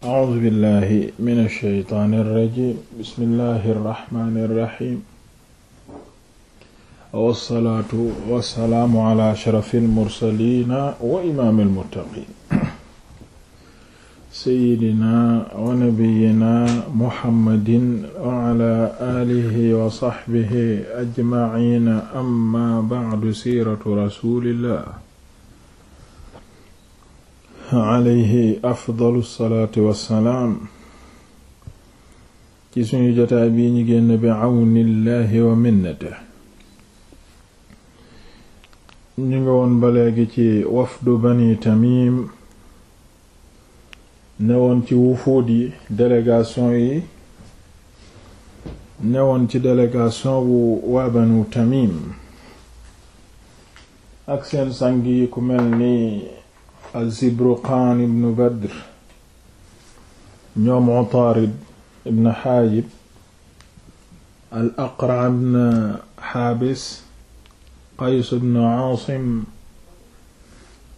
a'uuzu billahi mina shaytaani rajiim bismillahi rahmaani rahiim wassalaatu wassalaamu ala ashrafil mursaliina wa imaamil muttaqiin sayyidinaa wa nabiyyinaa muhammadin wa ala aalihi wa sahbihi ajmaciina amma ba'du siiratu rasuulillah alayhi afdalu salaatu wassalaam ci suñu jotaay bii ñu génn bi àwnillaahi wa minnate ñu nga woon ba léegi ci wafdu bani tamim newoon ci wufuud yi délégation yi newoon ci délégation bu waa banu tamim ak seen sang yi ku mel ni az-Zibruqaan ibn Badr ñoom Utaarid ibn Haajib al-Aqra' ibn Haabis Qays ibn Aasim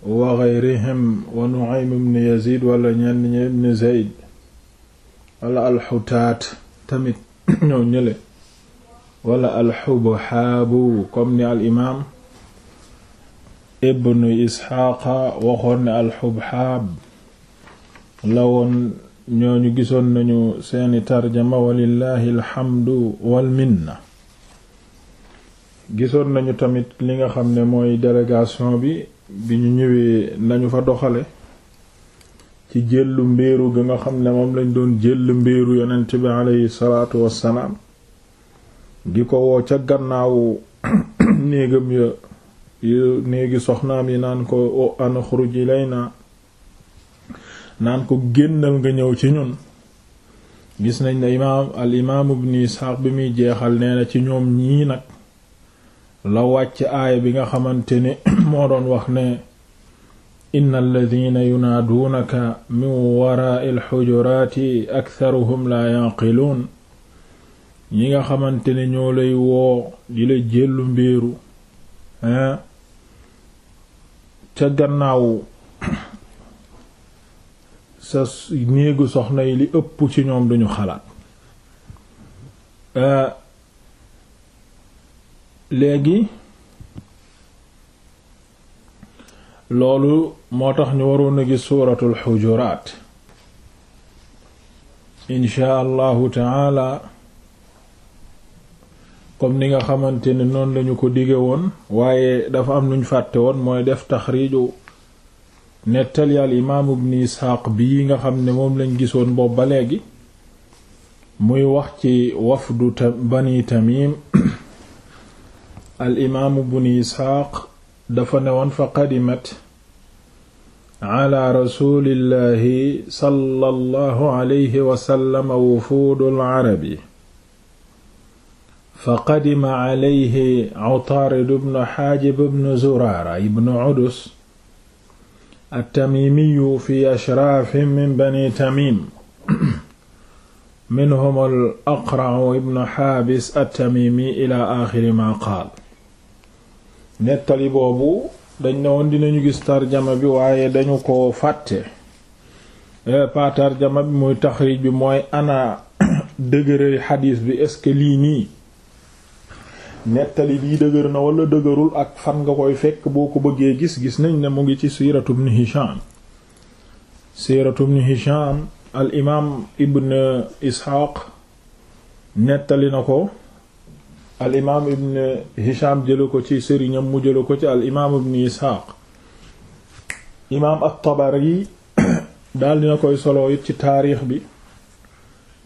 wa ghayrihim wa Nu'aym ibn Yaziid wala ñenn ñi ibn Zayd wala al-Hutaat tamit ñoo ñële wala al-Hubhaabu comme ni al imaam ibnu isxaaqa waxoon ne alxubxaab la woon ñooñu gisoon nañu seeni tarjama walillahi alxamdu walminna gisoon nañu tamit li nga xam ne mooy délégation bi bi ñu ñëwee nañu fa doxale ci jëllu mbéeru ga nga xam ne moom lañ doon jëllu mbéeru yonent bi aleyhi salaatu wassalaam di ko woo ca gannaawu néegam ya yu néegi soxnaam yi naan ko o an xuruj ilayna naan ko génnal nga ñëw ci ñun gis nañ ne imaam al imaam ibn bi muy jeexal nee ci ñoom ñi nag la wàcc aaya bi nga xamante ne moo doon wax ne inna alladina yunaaduunaka min waraai alxujuraati aktharuhum la yaqiluun ñi nga xamante ne ñoo lay woo di la jëllu mbiiru ah ca gannaaw sa néegu soxna yi li ëpp ci ñoom duñu xalaat euh, léegi loolu moo tax ñu waroon a gis suuratul xujuraat insha allahu taala comme ni nga xamante ne noonu lañu ko dige woon waaye dafa am luñ fàtte woon mooy def taxriiju nettali al imaam ibn Isxaaq bii nga xam ne moom lañ gisoon boobu ba léegi muy wax ci wafdu bani tamim al imaam ibn dafa ne woon fa qadimat ala rasulillahi sallallahu alayhi wa wufuudul arabi faqadima calayhi cutaarid bnu xaajib bnu zuraara ibnu cudus attamimiyu fi ashraafin min bani tamim minhum al aqracu ibnu xaabis attamimi ila ma qaal nettali boobu dañ ne woon dinañu gis tarjama bi waaye dañu ko fàtte eh, pa tarjama bi muy taxriij bi mooy ana dëgëray xadiis bi est-ce que lii nii nettali bii dëgër na wala dëgërul ak fan nga koy fekk boo ko bëggee gis gis nañ ne mu ngi ci siiratu ibn Hisham siiratu ibn Hisham al imaam ibn Isxaaq nettali na ko al imaam ibn Hisham jële ko ci sëriñam mu jële ko ci al imaam ibn Isxaaq imaam at-Tabari daal dina koy solo it ci taarix bi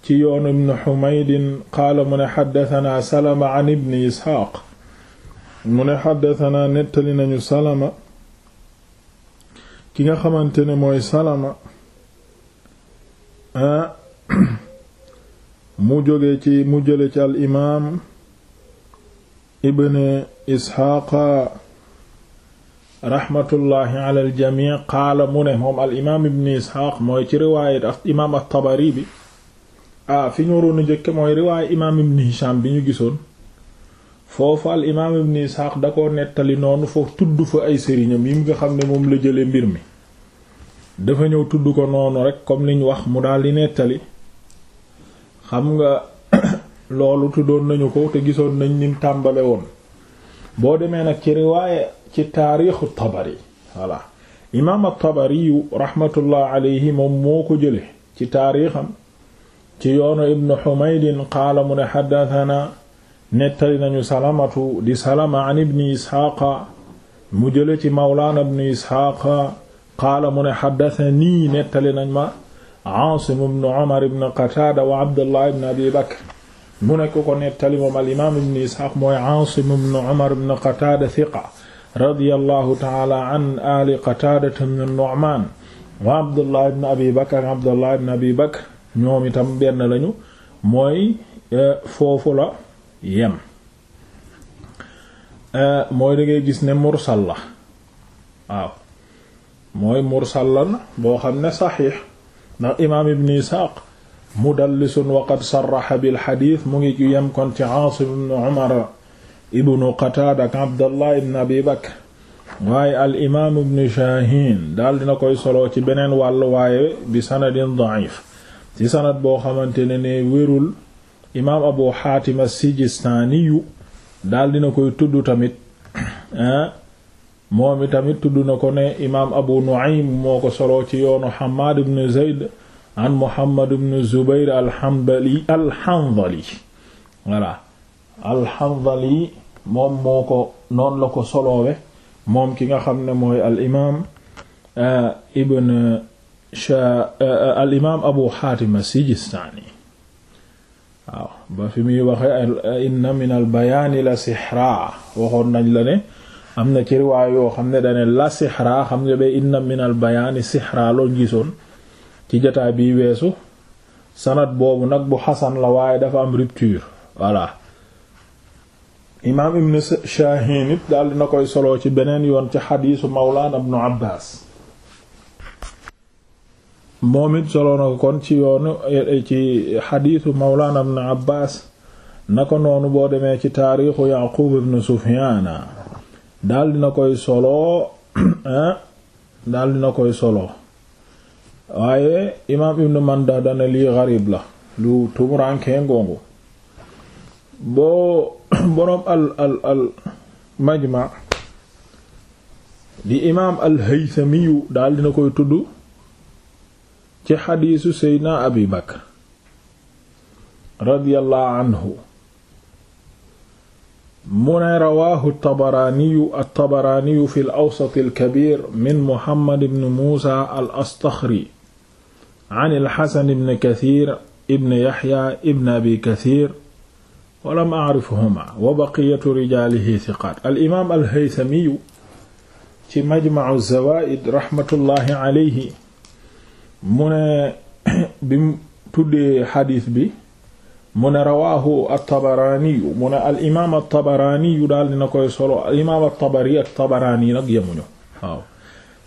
ci yoonu ibn xumaydin qaala mu ne xaddatanaa salama an ibni mu ne xaddatanaa nettali nañu salama ki nga xamante ne mooy salama ah, mu joge ci mu jële ci al imaam ibn isxaaqa raxmatullahi ala al jamii qaala mu ne moom al imaam ibn isxaaq mooy ci riwaayat imaam at-tabari bi ah fi ñu waroon a njëkke mooy riwaay imaam ibn Hisham bi ñu gisoon foofu al imaam ibn Ishaq da ko nettali noonu foofu tudd fa ay sëriñam yi nga xam ne moom la jële mbir mi dafa ñëw tudd ko noonu rek comme liñ wax mu daal di nettali xam nga loolu tuddoon nañu ko te gisoon nañ ni tàmbale woon boo demee nag ci riwaaye ci taarixu tabari voilà imaam tabari rahmatullah alayhi moom moo ko jële ci taarixam ci yoonu ibnu xumaydin qaala mu ne xaddatana nettali nañu salamatu di salama an ibni isxaaqa mu jële ci mawlaana ibnu isxaaqa qaala mu ne xaddatanii nettali nañ ma aasim ibnu omar ibnu qataada wa abdullah ibnu abi bakr mu ne ku ko nettali moom alimaam ibnu isxaaq mooy aasim ibnu omar ibnu qataada thiqa radiyallahu taala an ali qataadata min nu'maan wa abdullah ibnu abi bakr abdullah ibnu abi bakr ñoom itam benn lañu mooy euh, foofu la yem euh, mooy da ngay gis ne mursal la waaw mooy mursal la boo xam ne saxiix ndax imaam ibn Isaaq mudallisun wa qad sarraxa bil xadiis mu ngi ci yem kon ci Aasim ibn Umar ibnu Qataada ak Abdallah ibn Abi Bakr waaye al imaam ibn Shaahin daal dina koy solo ci beneen wàll waaye bi sanadin da'if ci sanad boo xamante ne ne wérul imaam abu xaatim as-sijistaani daal dina koy tudd tamit ah, moom i tamit tudd na ko ne imaam abu nu'aym moo ko solo ci yoonu xamaad ibn zayd an muhammad ibn zubayr alxanbali alxanzali moom moo ko noonu la ko soloowe moom ki nga xam ne mooy al imaam ah, ibn Eh, eh, al imaam abu xaatim sijistaani waaw ba fi muy waxee inna min al la sixraa waxoon nañ la ne am na ci yoo xam ne dane la sixraa xam nga ba inna min al bayaani sixraa loon ci jotaay biy weesu sanad boobu nag bu xasan la waaye dafa am rupture voilà imaam ibn shaahin it daal dina koy solo ci beneen yoon ci xadiisu mawlaana ibnu abbaas moom it solo ko kon ci yoonu eh, ci xadiisu mawlaana ibn Abbaas naka noonu boo demee ci taarixu Yaquub ibn Sufyaana daal dina koy soloo eh, daal dina koy solo waaye imaam ibn Manda dana lii gariib la lu tumuraanke ngongu boo boroom al al al majma di imaam al Haythamiyu daal dina koy tudd ci xadiisu seydna abi bakr radiyallahu anhu mu ne rawaahu altabaraaniyu altabaraaniyu fi alawsat alkabir min muhammad bn muusa al astaxri an alxasan bn kathir ibn yaxya ibn abi kathir walam acrifhuma wa baqiyatu rijaalihi siqaat alimaam alhaysamiyu ci majmacu zawaid raxmatullahi alayhi mu ne bi mu tuddee xadiis bi mu ne rawaahu altabaraaniyu mu ne al imaam altabaraaniyu daal dina koy solo al imaam altabari ak tabaraani nag yemuñu waaw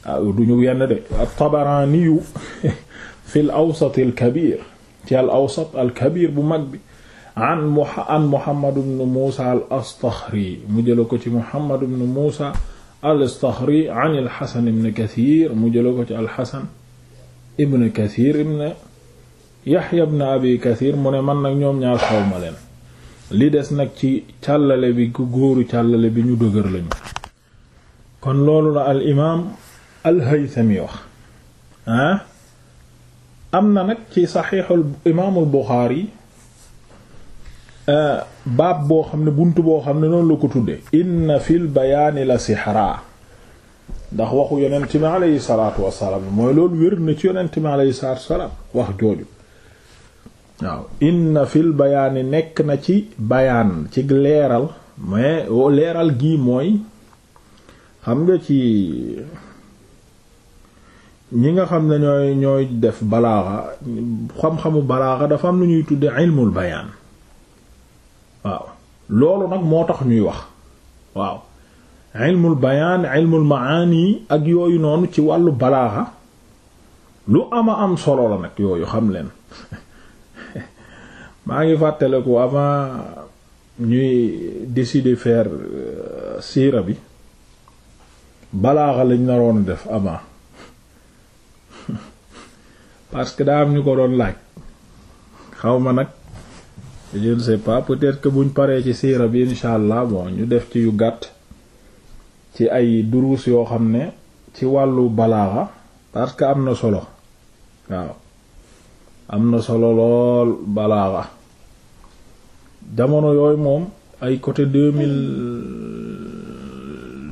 waaw ah, du ñu yenn de altabaraaniyu fi l awsat alkabir ci al awsat alkabir bu mag bi an an Muhammad ibn Muusa al Astaxri mu jëla ko ci Muhammad ibn Muusa al Astaxri an al Xasan ibn Kasiir mu jëla ko ci al Xasan ibn kathir ibn yaxya ibn abi mu ne man nag ñoom ñaar xawma leen li des nag ci càllale bi góoru càllale bi ñu dëgër lañu kon loolu la al imaam al haythami wax ah? am na nag ci saxiixul imaamul buxaari ah, baab boo xam ne bunt boo xam ne noonu la ko na fi fil bayaani la sixraa ndax waxu yonent mi alayhi salaatu wassalaam mooy loolu wér na ci yonent mi alayhi salaatu wassalaam wax jooju waaw inna fil bayaani nekk na ci bayaan ci leeral mais leeral gii mooy xam nga ci ñi nga xam ne ñooy ñooy def balaaxa xam-xamu balaaxa dafa am lu ñuy tudde ilmul bayaan waaw loolu nag moo tax ñuy wax waaw ilmul bayaan ilmul maani ak yooyu noonu ci wàllu balaaxa lu ama am solo la nag yooyu xam leen maa ngi fàttale ko avant ñuy décider faire euh, siira bi balaaxa lañ naroon def avant parce que daa am ñu ko doon laaj xaw ma nag je ne sais peut-être que buñ paree ci siira bi incha allah bon ñu def ci yu gàtt ci ay duruus yoo xam ne ci wàllu balaaxa parce que am na solo waaw am na solo lool balaaxa jamono yooyu moom ay côté deux mille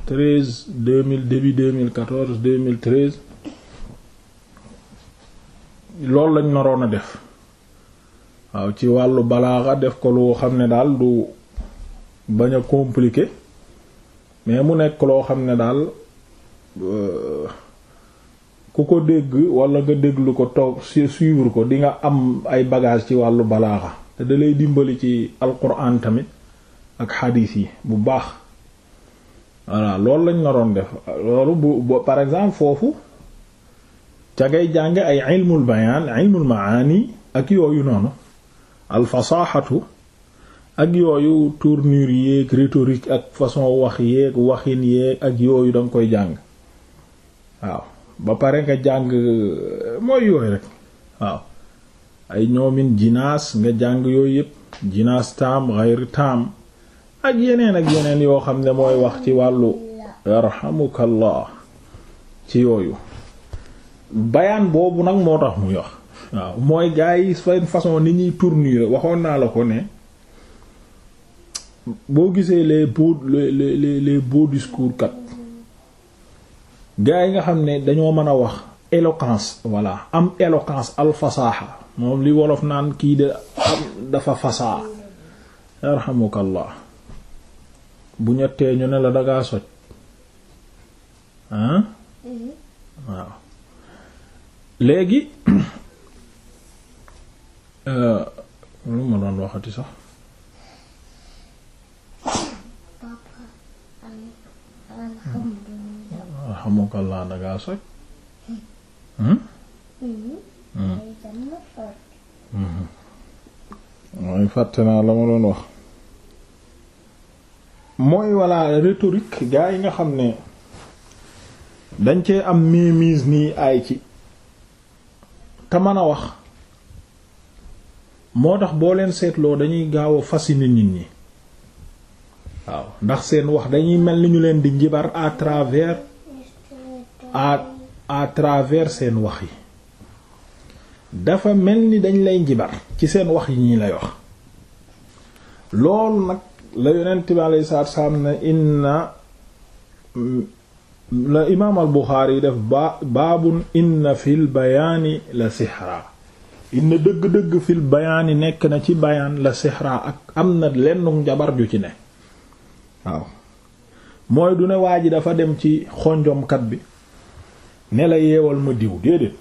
treize deux mille début deux mille quatorze deux mille treize loolu lañ naroon a def waaw ci wàllu balaaxa def ko lu xam ne daal du bañ a compliqué mais mu nekk loo xam ne daal euh, ku ko dégg walla nga déglu ko toog suivre ko di nga am ay bagage ci wàllu balaaxa te dalay dimbali ci alquran tamit ak xadiis yi bu baax voilà loolu lañ naroon def loolu bu par exemple foofu ca ngay jàng ay ilmul bayaan ilmul maani ak yooyu noonu alfasaxatu ak yooyu tournure yéeg rhétorique ak façon wax yéeg waxin yéeg ak yooyu danga koy jàng waaw ba pare nga jàng mooy yooyu rek waaw ay ñoomin jinaas nga jàng yooyu yépp jinaas taam xayri taam ak yeneen ak yeneen yoo xam ne mooy wax ci wàllu yarhamukallah ci yooyu bayaan boobu nag moo tax muy wax waaw mooy gaa yi seen façon ni ñuy tournure waxoon naa la ko ne boo gisee les beaux les les les beaux discours kat gars yi nga xam ne dañoo mën a wax éloquence voilà am éloquence alfasaha moom li wolof naan kii de dafa fasaa yarhamukallah bu ñettee ñu ne la dangaa soj ah waaw léegi euh, lu ma doon waxati sax alhamdulilah dangaa soj mooy fàtte naa la ma doon wax mooy walla rhétorique gaa yi nga xam ne dañ cee am mémise nii aay ci te mën a wax moo tax boo leen seetloo dañuy gaaw fas fasciner nit ñi waaw ndax seen wax dañuy mel ni ñu leen di njibar à travers à à travers seen wax yi dafa mel ni dañ lay njibar ci seen wax yi ñi lay wax loolu nag la yonent bi alayhi salaatu salaam ne inna la imaam al Buxaari yi def ba inna fil bayaani la sixra inna dëgg-dëgg fil bayaani nekk na ci bayaan la sixra ak am na lenn njabar ju ci ne waaw mooy du ne waa ji dafa dem ci xonjomkat bi ne la yeewal ma diw déedéet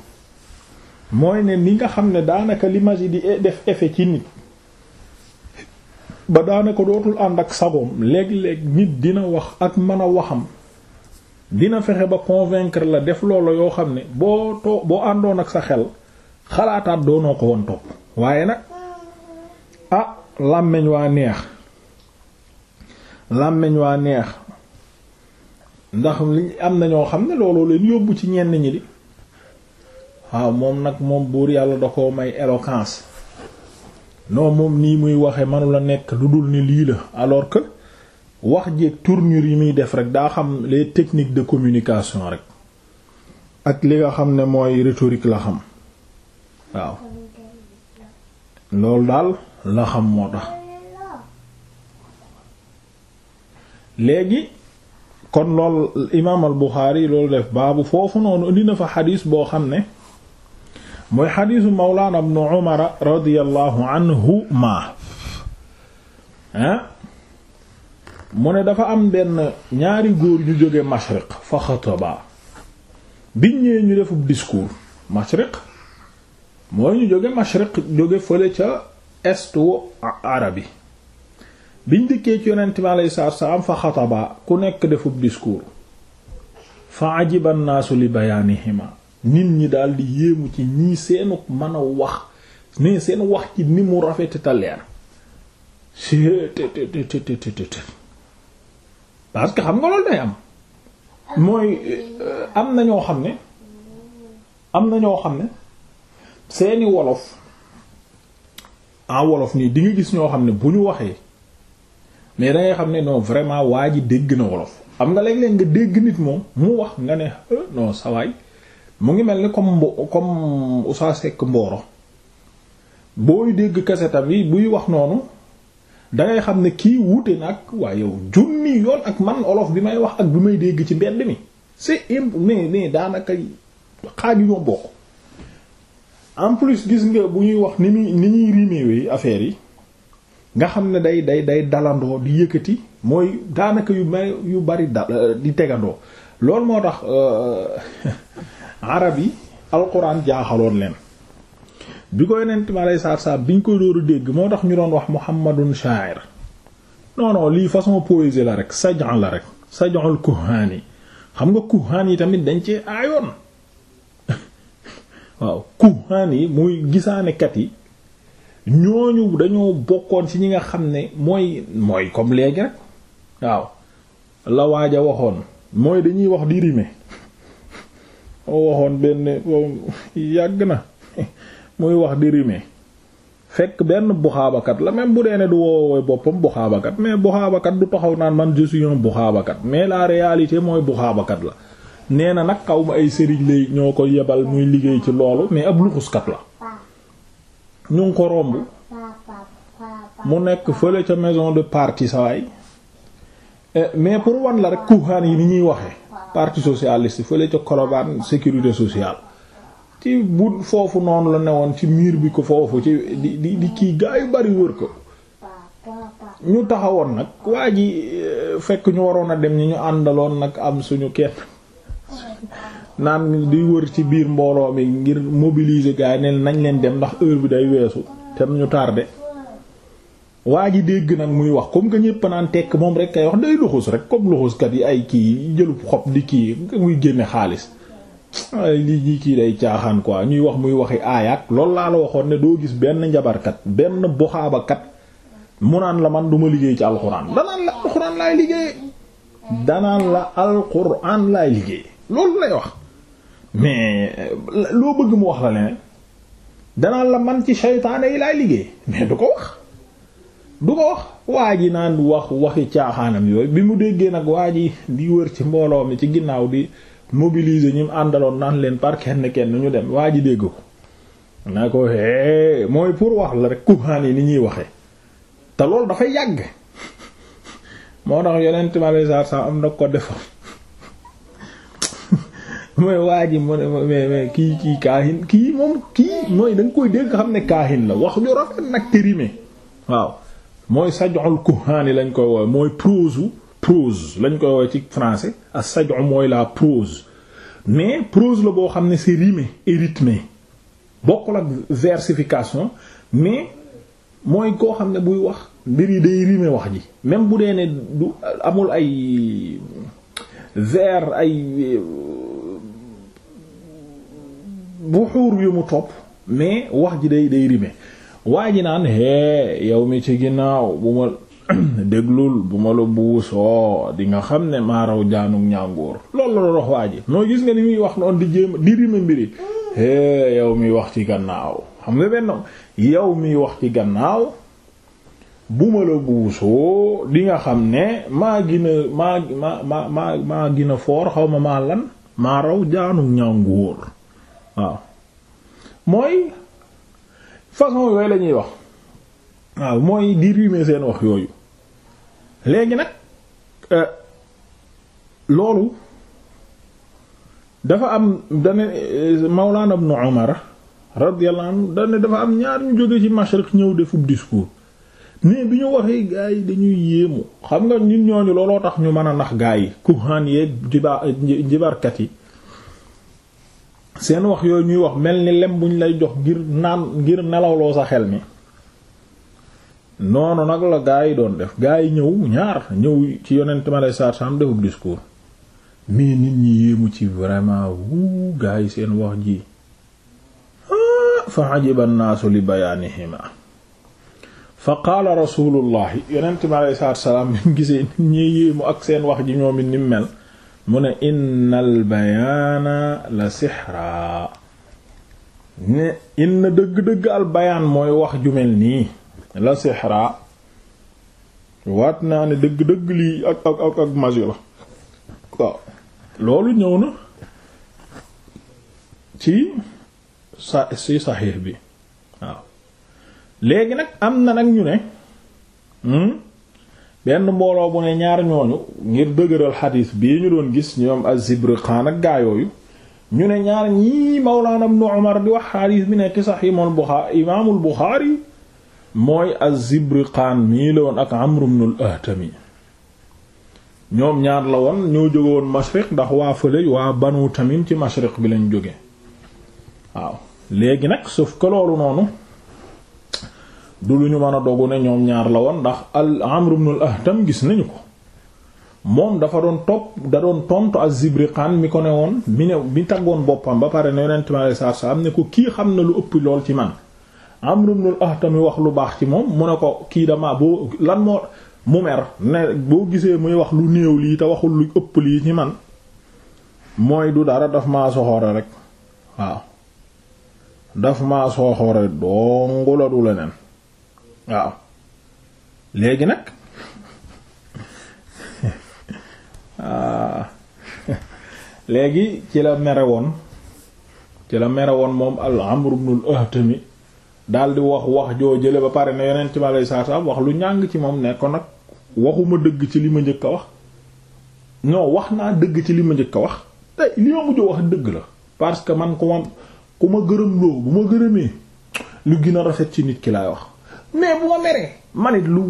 mooy ne ni nga xam ne daanaka li magie di e-, def effet ci nit ba daanaka dootul ànd ak sagoom léeg-léeg nit dina wax ak mën a waxam dina fexe ba convaincre la def loola yoo xam ne boo too boo àndoon ak sa xel xalaataat doonoo ko woon topp waaye nag ah làmmiñ waa neex làmmiñ waa neex ndax li am na ñoo xam ne looloo leen yóbbu ci ñenn ñi di waaw moom nag moom buur yàlla da koo may éloquence non moom nii muy waxe manula nekk lu dul ni lii la alors que wax jeeg tournure yi muy def rek daa xam les techniques de communication rek ak li nga xam ne mooy rhétorique la xam waaw loolu daal la xam moo tax léegi kon lool imaam al Buxaari loolu def baabu foofu noonu indi na fa xadiis boo xam ne mooy xadiisu mawlaana ibnu Umar radiyallahu anhumaa ah mu ne dafa am benn ñaari góor ñu jóge mashriq fa xataba biñ ñëwee ñu defub discours mashriq mooy ñu jóge mashriq jóge fële ca estu arabi biñ dikkee ci yonent bi alayhi salaatu salaam fa xataba ku nekk defub discours fa ajiba naasu li bayaanihima nit ñi daal di yéemu ci ñii seenu mën a wax ne seen wax ci ni mu rafet ta leer xam nga loolu day am mooy euh, am na ñoo xam ne am na ñoo xam ne seeni wolof en wolof nii di gis ñoo xam ne bu ñu waxee mais da ngay xam ne non vraiment waa ji dégg na wolof am nga léeg-léeg nga dégg nit moom mu wax nga ne euh, non sawaay mu ngi mel ni comme mbo comme Oussa Seck Mboro booy dégg kasetam yi buy wax noonu dangay xam ne kii wuute nag ak yow junni yoon ak man olof bi may wax ak bi may dégg ci mbedd mi c'est imp mais mais daanaka xaaju ñoo bokk en plus gis nga bu ñuy wax ni muy ni ñuy rimeewee affaire yi nga xam ne day day day dalandoo di yëkkati mooy daanaka yu may yu bari dal euh, di tegandoo loolu moo tax euh, arab yi alquran jaaxaloon leen bi koy nent ma lay saar saar biñ koy dooru dégg moo tax ñu doon wax muhammadun sha'ir non lii façon poésie la rek saj'an la rek saj'ul kuhaani xam nga kuhaan yi tamit dañ ci aayoon waaw kuhaan yi muy gisaanekat yi ñooñu dañoo bokkoon ci ñi nga xam ne mooy mooy comme léegi rek waaw la waaj a waxoon mooy dañuy wax di rime moo waxoon benn yàgg na mooy wax di rime fekk benn buxaabakat la même bu dee ne du woowee boppam buxaabakat mais buxaabakat du taxaw naan man je suis un buxaabakat mais la réalité mooy buxaabakat la nee na nag xaw ma ay sëriñ lay ñoo ko yebal muy liggéey ci loolu mais ab luxuskat la ñu ko romb mu nekk fële ca maison de parti sawaay eh, mais pour wan la rek kuhaan yi ni ñuy waxee parti socialiste fële ca Colobane sécurité sociale ci bu foofu noonu la ne woon ci miir bi ko foofu ci di di di kii bari wër ko ñu taxawoon nag waa ji eh, fekk ñu waroon a dem ñi ñu àndaloon nag am suñu kenn naan di wër ci biir mbooloo mi ngir mobiliser gars yi ne nañ leen dem ndax heure bi day weesu te ñu tardé waa ji dégg nag muy wax comme que ñëpp naan tekk moom rek kay wax day luxus rek comme luxuskat yi ay kii jëlub xob di kii muy génne xaalis lii ñii kii day caaxaan quoi ñuy wax muy waxi aayaat loolu laa la waxoon ne doo gis benn njabarkat benn boxaabakat mu naan la man duma liggéey ci alxuraan danaan la alxuraan laay liggéey danaan mais euh, loo bëgg mu wax la leen danaa la man ci seytaane yi laay liggéey mais du ko wax du ko wax waa ji naan wax waxi caaxaanam yooyu bi mu déggee nag waa ji di wër ci mbooloo mi ci ginnaaw di mobiliser ñi mu àndaloon naan leen par kenn kenn ñu dem waa ji dégg ko naa ko hee mooy pour wax la rek kuhaan yi ni ñuy waxee te loolu dafay yàgg moo tax yonent ma lay saar saa am na ko defoon mooy waa ji mais mais kii kii kaahin kii moom kii mooy da nga koy dégg xam ne kaahin la wax ju rafet nag te rime waaw mooy saj'ul kuhaani lañ koy woowe mooy prose lañ koy woowe ci français ak saj'u mooy la prose mais prose la boo xam ne si rimé et rythmé bokkul ak versification mais mooy koo xam ne buy wax mbir yi day rime wax ji même bu dee ne du amul ay vers ay buxuur yu mu topp mais wax ji day day rime waa ji naan hee yow mi ci ginnaaw bu ma déglul bu ma la buusoo di nga xam ne maaraw jaanug ñàngoor loolu gis nga ni muy wax noonu di jéem di rime mbiri hee yow mi wax ci gannaaw xam nga benn yow mi wax ci gannaaw bu ma la buusoo nga xam ne maa gina maa maa maa maa gina foor xaw ma maa lan maaraw jaanug ñàngoor waaw mooy façon yooyu la ñuy wax waaw mooy di rimer seen wax yooyu léegi nag euh, loolu dafa am dane euh, Mawlana Ibn Umar radiyallahu anhu dane dafa am ñaar ñu jóge ci Mashriq ñëw defub discours mais bi ñu waxee gaa yi dañuy yéemu xam nga ñun ñooñu looloo tax ñu mën a nax gaa yi kuhaan yeeg jiba jibarkat yi seen wax yooyu ñuy wax mel ni lem buñ lay jox ngir naan ngir sa xel mi noonu nag la gaa yi doon def gaa yi ñëw ñaar ñëw ci yonent ma lay saar sam defub discours mais nit ñi yéemu ci vraiment wuu gaa yi seen wax ji ah, fa ajiba naasu li bayaanihima fa qaala rasulullahi yonent ma lay saar salaam bi gisee nit ñi yéemu ak seen wax ji ñoom it mel mu ne innal bayaana la sixraa ne inna dëgg-dëgg al bayaan mooy wax ju mel nii la sixraa waat naa ne dëgg-dëgg lii ak ak ak ak la waaw loolu ñëw na ci sa ci saxiix bi waaw léegi nag am na nag ñu ne hmm? benn mbooloo bu ne ñaar ñooñu ngir dëgëral xadiis bii ñu doon gis ñoom az-Zibriqaan ak gaayooyu ñu ne ñaar ñii Mawlaana Ibnu Umar di wax xadiis bi nekk sax imaamul Buxaari imaamul Buxaari mooy az-Zibriqaan mii la woon ak Amru ibnul Ahtami ñoom ñaar la woon ñoo jóge woon Mashriq ndax waa fële waa wu tamit ci Mashriq bi lañu jóge waaw léegi nag sauf koloolu noonu du lu ñu mën a dogu ne ñoom ñaar la woon ndax al Amr ibn al tam gis nañu ko moom dafa doon topp da doon tontu ak Zibriqaan mi ko ne woon mi ne mi taggoon boppam ba pare ne yonent mi alayhi salaatu salaam ne ko kii xam na lu ëpp lool ci man Amr ibn al Ahtam wax lu baax ci moom mu ne ko kii damaa boo lan moo mu mer ne boo gisee muy wax lu néew lii te waxul lu ëpp lii ci man mooy du dara daf maa soxore rek waaw daf maa soxore dongu la du leneen waaw léegi nag léegi ci la mere woon ci la mere woon moom al Amr ibn al Ahtami daal di wax wax joo jële ba pare ne yonent mi alayhi salaam wax lu ñàng ci moom nekkoon nag waxuma dëgg ci li ma njëkk a wax non wax naa dëgg ci li ma njëkk a wax tey li ma mujj wax dëgg la parce que man ku ma ku ma gërëm loo bu ma gërëmee lu gën a rafet ci nit ki laay wax mais bu ma meree man it lu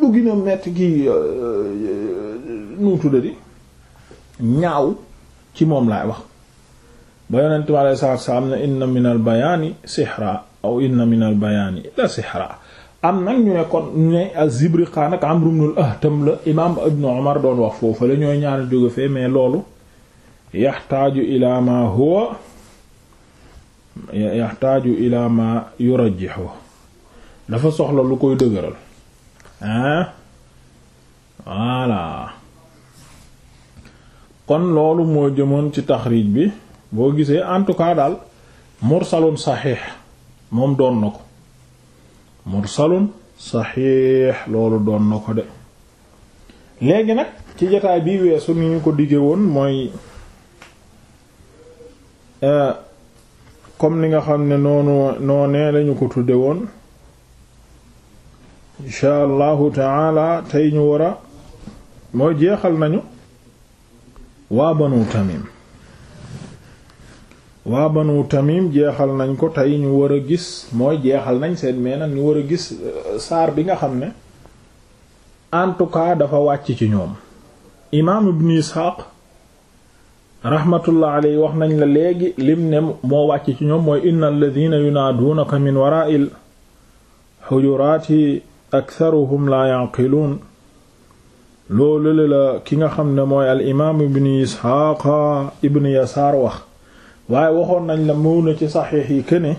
lu gën a metti kii euh, euh, nu tuddati ñaaw ci moom laay wax ba yonent bi alayhi salaatu salaam ne inna min al bayaani sihra aw inna min al bayaani la sihra am nag ñu ne kon ne az-Zibriqaan ak Amr ibn al-Ahtam la imaam Ibn Umar doon wax foofu la ñooy ñaari jóge fee mais loolu yaxtaaju ila ma huwa yaxtaaju ila ma yurajjihu dafa soxla lu koy dëgëral hein voilà kon loolu moo jëmoon ci taxrij bi boo gisee en tout cas daal mursalun saxiix moom doon na ko mursalun saxiix loolu doon na ko de léegi nag ci jotaay bi weesu ni ñu ko digge woon mooy euh, comme ni nga xam ne noonu noonee lañu ko tudde woon insha allahu taala tey ñu war a mooy jeexal nañu waa banu tamim waa banu tamim jeexal nañ ko tey ñu war a gis mooy jeexal nañ seen mais nag ñu war a gis euh, saar bi nga xam ne en tout cas dafa wàcc ci ñoom rahmatullah alayhi wax nañ la léegi lim ne moo wàcc ci ñoom mooy inna alladina yunaaduunaka min waraa'il xujuraati aktharuhum laa yaqiluun loolu la ki nga xam ne mooy al imaam ibnu isxaaqa ibnu yasaar wax waaye waxoon nañ la mu ne ci saxiix yi këne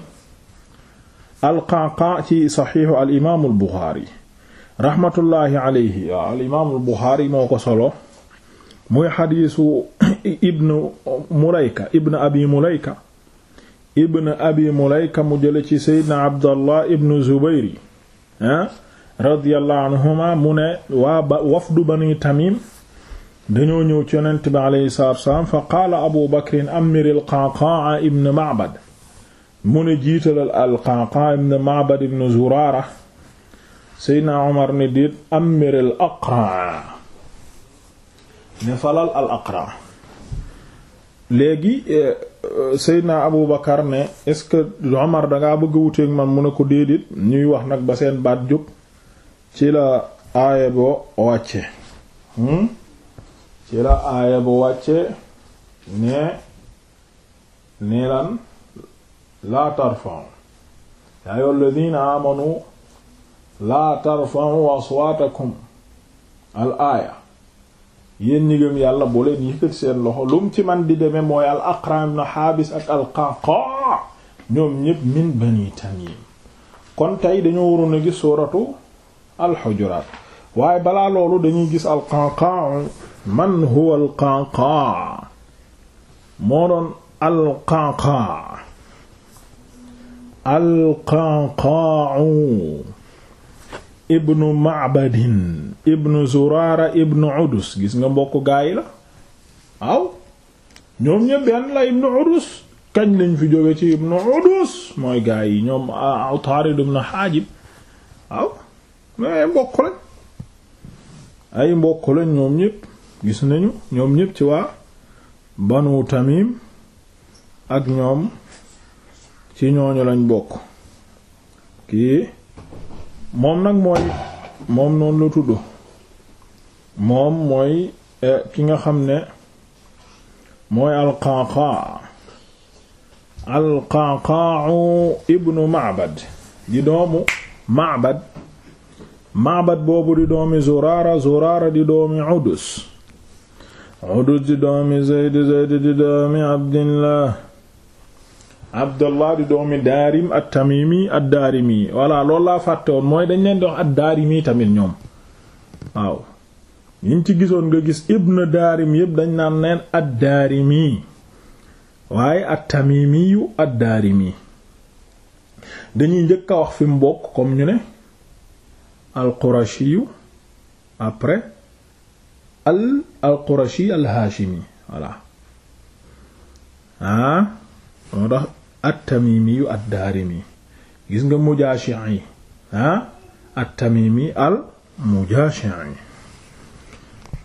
alqaqa ci saxiixu al imaam al buxaari rahmatullahi alayhi waaw al imaam al buxaari moo ko solo muy xadiisu ibnu mulayka ibnu abi mulayka ibnu abi mulayka mu jële ci seydna abdallah ibnu zubayri ah radiyallahu anhuma mu ne waa ba wafdu bani tamim dañoo ñëw ci yonent bi aleyhi salatu wasalaam fa qaala abu bakrin amiril qaqaa ibn ma'bad mu ne jiitalal al qaqaa ibn ma'bad ibn zuraara seydna omar ne déet amiril aqra ne falal al aqra léegi eh, euh, Seydina Abu Bakar ne est-ce que Omar dangaa bëgg a man mu ne ko déedéet ñuy wax nag ba seen baat jóg ci la aaya bu wàcce hmm? ci la aaya bo ne ne lan laa tarfa'u yaa amanu laa tarfa'u aswaatakum al aaya yéen ñi yàlla boo leen yëkkati seen loxo lu ci man di demee mooy al Aqra ibn ak al Qanqa ñoom ñëpp min bani Tamim kon tey dañoo waroon a gis suuratu al Hujurat waaye balaa loolu dañuy gis al Qanqa man huwa al Qanqa moo doon al Qanqa al Qanqa ibnu Ma'badin ibnu Zuraara ibnu Udus gis nga mbokk gaa yi la waaw ñoom ñëpp benn la ibnu Udus kañ lañ fi jóge ci ibnu Udus mooy gaa yi ñoom Utaarid ibnu Haajib waaw ay mbokk lañ ay mbokk lañ ñoom ñëpp gis nañu ñoom ñëpp ci waa Banu Tamim ak ñoom ci ñooñu lañ bokk kii moom nag mooy moom noonu la tudd moom mooy eh, ki nga xam ne mooy alqaaqaa alqaaqaau ibnu maabad di doomu maabad maabad boobu di doomi zuraara zuraara di doomi udus udus di doomi zayd zayd di doomi abdillah Abdullah di doomi Daarim at-Tamimi ad-Daarimi voilà loolu laa fàtte woon mooy dañ leen di wax ad-Daarimi tamit ñoom waaw ñiñ ci gisoon nga gis ibn Daarim yëpp dañ naan neen ad-Daarimi waaye at-Tamimi dañuy njëkk a wax fi mu bokk comme ñu ne al-Qurashi yu après al al-Qurashi al-Haashimi voilà ah. moo tax at-Tamimi ad-Daarimi gis nga Mujaashi'i ah at-Tamimi al-Mujaashi'i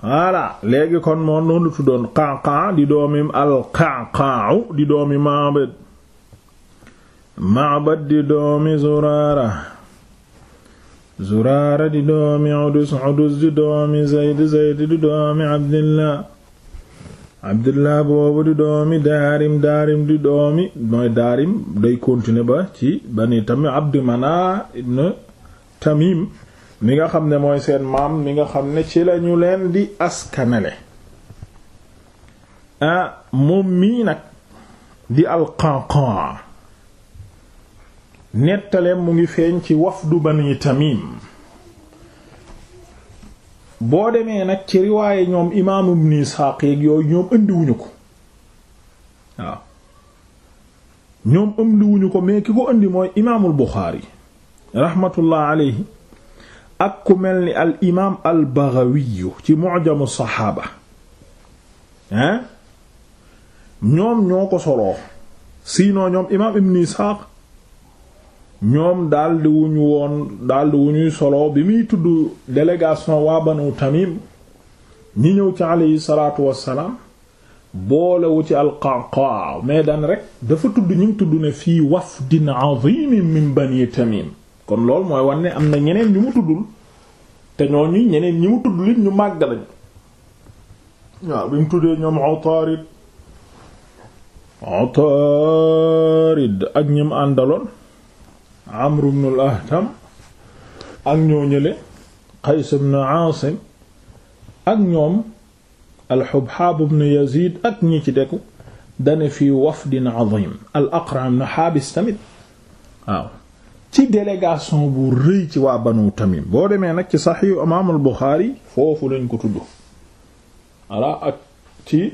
voilà léegi kon moom noonu tuddoon Qa'qa' di doomi al-Qa'qa' di doomi Ma'bad Ma'bad di doomi Zuraara Zuraara di doomi Udus Udus di doomi Zayd Zayd di doomi Abdillah abdullah boobu di doomi daarim daarim di doomi mooy daarim day continuer ba ci bani tamit abdu mana ibn tamim mi nga xam ne mooy seen maam mi nga xam ne ci lañu leen di askanale ah moom mii nag di alqanqan nettaleem mu ngi feeñ ci wax du bani tamim boo demee nag ci riwaaye ñoom imaamu ibn Isxaaq yeeg yooyu ñoom indiwuñu ko waaw ñoom indiwuñu ko mais ki ko indi mooy imaamul Buxaari rahmatullah alayhi ak ku mel ni al imaam al Baghawi ci mu'jamu saxaaba hein ñoom ñoo ko soloo sinon ñoom imaam ibn Isxaaq ñoom daldi wuñu woon daldi wu ñuy solo bi muy tudd délégation waa banu tamim ñu ñëw ci aleyhi salaatu wassalaam boolewu ci alqaqa mais dan rek dafa tudd ñi ngi tudd ne fii wafdin azim min bani tamim kon loolu mooy wan ne am na ñeneen ñu mu tuddul te ñoom ñeneen ñi mu tudd lit ñu màgg lañ waaw bi mu tuddee ñoom Utaarid Utaarid ak ñim àndaloon amru bnu ahtam ak ñoo ñële qays bnu aasim ak ñoom alxubxaab bnu yazid ak ñi ci deku dane fi wafdin azim al aqra bnu xaabis tamit waaw ci délégation bu rëy ci waa banu tamim boo demee nag ci saxiixu imaamul buxaari foofu lañ ko tudd voilà ak ci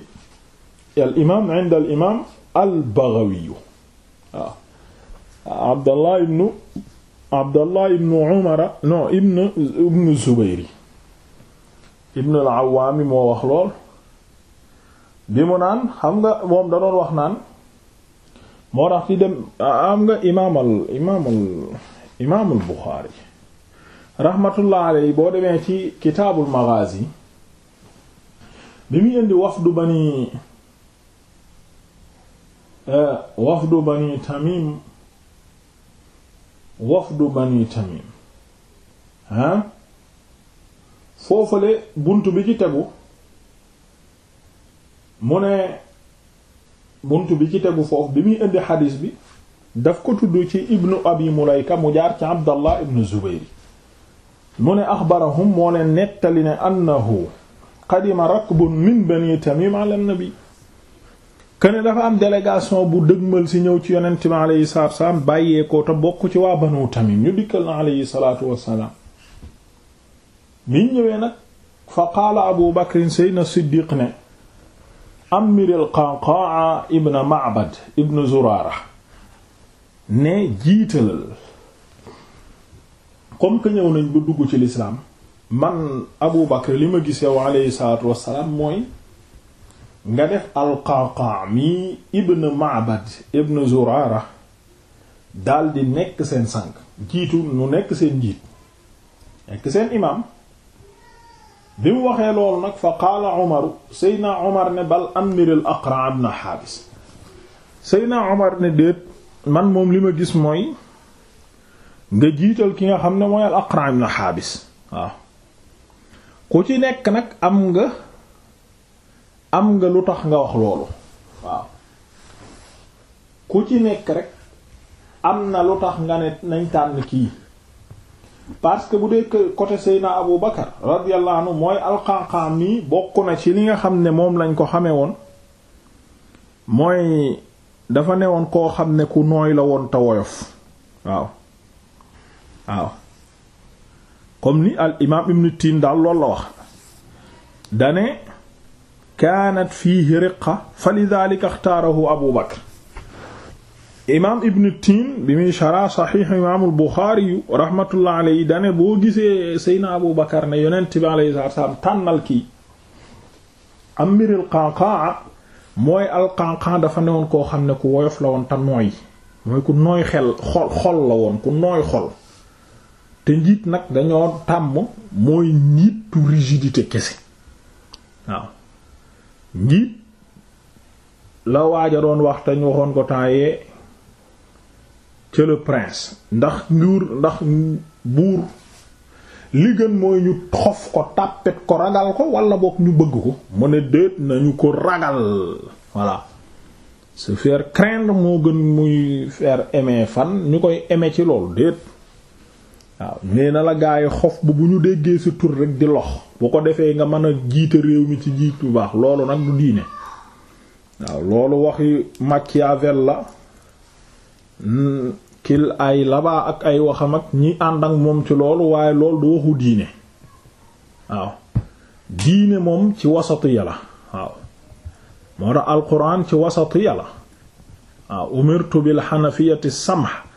al imaam al imaam Abdallah ibnu Abdallah ibnu Umar non ibnu ibnu ibnu al-Awwaam moo wax lool bi mu naan xam nga moom da doon wax naan moo tax ci dem am nga imaamal imaamal imaamul Buxaari rahmatullah alayhi boo demee ci kitaabul Maghaazi bi mu indi wafdu bani eh, bani Tamim wafdu bani tamim ah foofale bunt bi ci tegu mu ne bunt bi ci tegu foofu bi muy indi xadis bi daf ko tudd ci ibnu abi mulayka mu jaar ci abdallah ibnu zubayr mu ne axbarahum moo ne nettali ne annahu qadima rakbun min bani tamim ala nabi kene dafa am délégation bu dëgmal si ñëw ci yonent bi aleyhi salaatu wasalaam bàyyeekoo te bokk ci waa banu tamim ñu dikkal na aleyhi salaatu wasalaam biñ ñëwee nag fa qaala abu bakrin seydna siddiq ne amiril qanqaa ibn ma'bad ibn zuraara ne jiitalal comme que ñëw nañ bu dugg ci lislaam man abu bakr li ma gis yow aleyhi salaatu mooy nga def alqaqa mi ibn maabad ibn zurara daldi nekk seen sang jiitu nu nekk seen njiit nekk seen imam bi mu waxee loolu nag fa qaala umaru seydna omar ne bal amiril aqra ibn xaabis seydna omar ne déet man moom li ma gis mooy nga jiital ki nga xam ne mooy al aqra ibn xaabis ku ci nekk nag am nga am nga lu tax nga wax loolu waaw ku ci nekk rek am na lu tax nga ne nañ tànn kii parce que bu dee côté Seyna Abu Bakar radiyallahu anhu mooy alqanqan mi bokk na ci li nga xam ne moom lañ ko xame woon mooy dafa ne woon koo xam ne ku nooy la woon te woyof waaw waaw comme ni al imaam Ibn Tin daal loolu la wax dane kaanat fiihi riqa fa lidaalika ixtaarahu abu bakr imaam ibn tiin bi muy shara saxiix imaamul boo gisee seyna abu bakar ne yonent bi alayhi salaatu salaam am mbiri alqanqaa mooy alqanqaa dafa newoon koo xam ne ku woyof la woon te nooy mooy ku nooy xel xol xol la woon ku nooy xol te njiit nag dañoo tàmm mooy njiitu rigidité kese njiit la waaja doon wax te ñu waxoon ko taayee ca le prince ndax nguur ndax buur li gën mooy ñu xof ko tàppet ko ragal ko wala boog ñu bëgg ko mu ne déet nañu ko ragal voilà se faire craindre moo gën muy faire aimer fan ñu koy emee ci loolu déet waaw nee na la gaay xof bu bu ñu déggee si tur rek di lox bu ko defee nga mën a jiite réew mi ci jiit bu baax loolu nag du diine waaw loolu waxi Machiavel la kil ay labaa ak ay waxam ak ñi àndak moom ci loolu waaye lool du waxu diine waaw diine moom ci wasatu yàlla waaw moo tax alquran ci wasatu yàlla waaw umirtu bil hanafiyati sama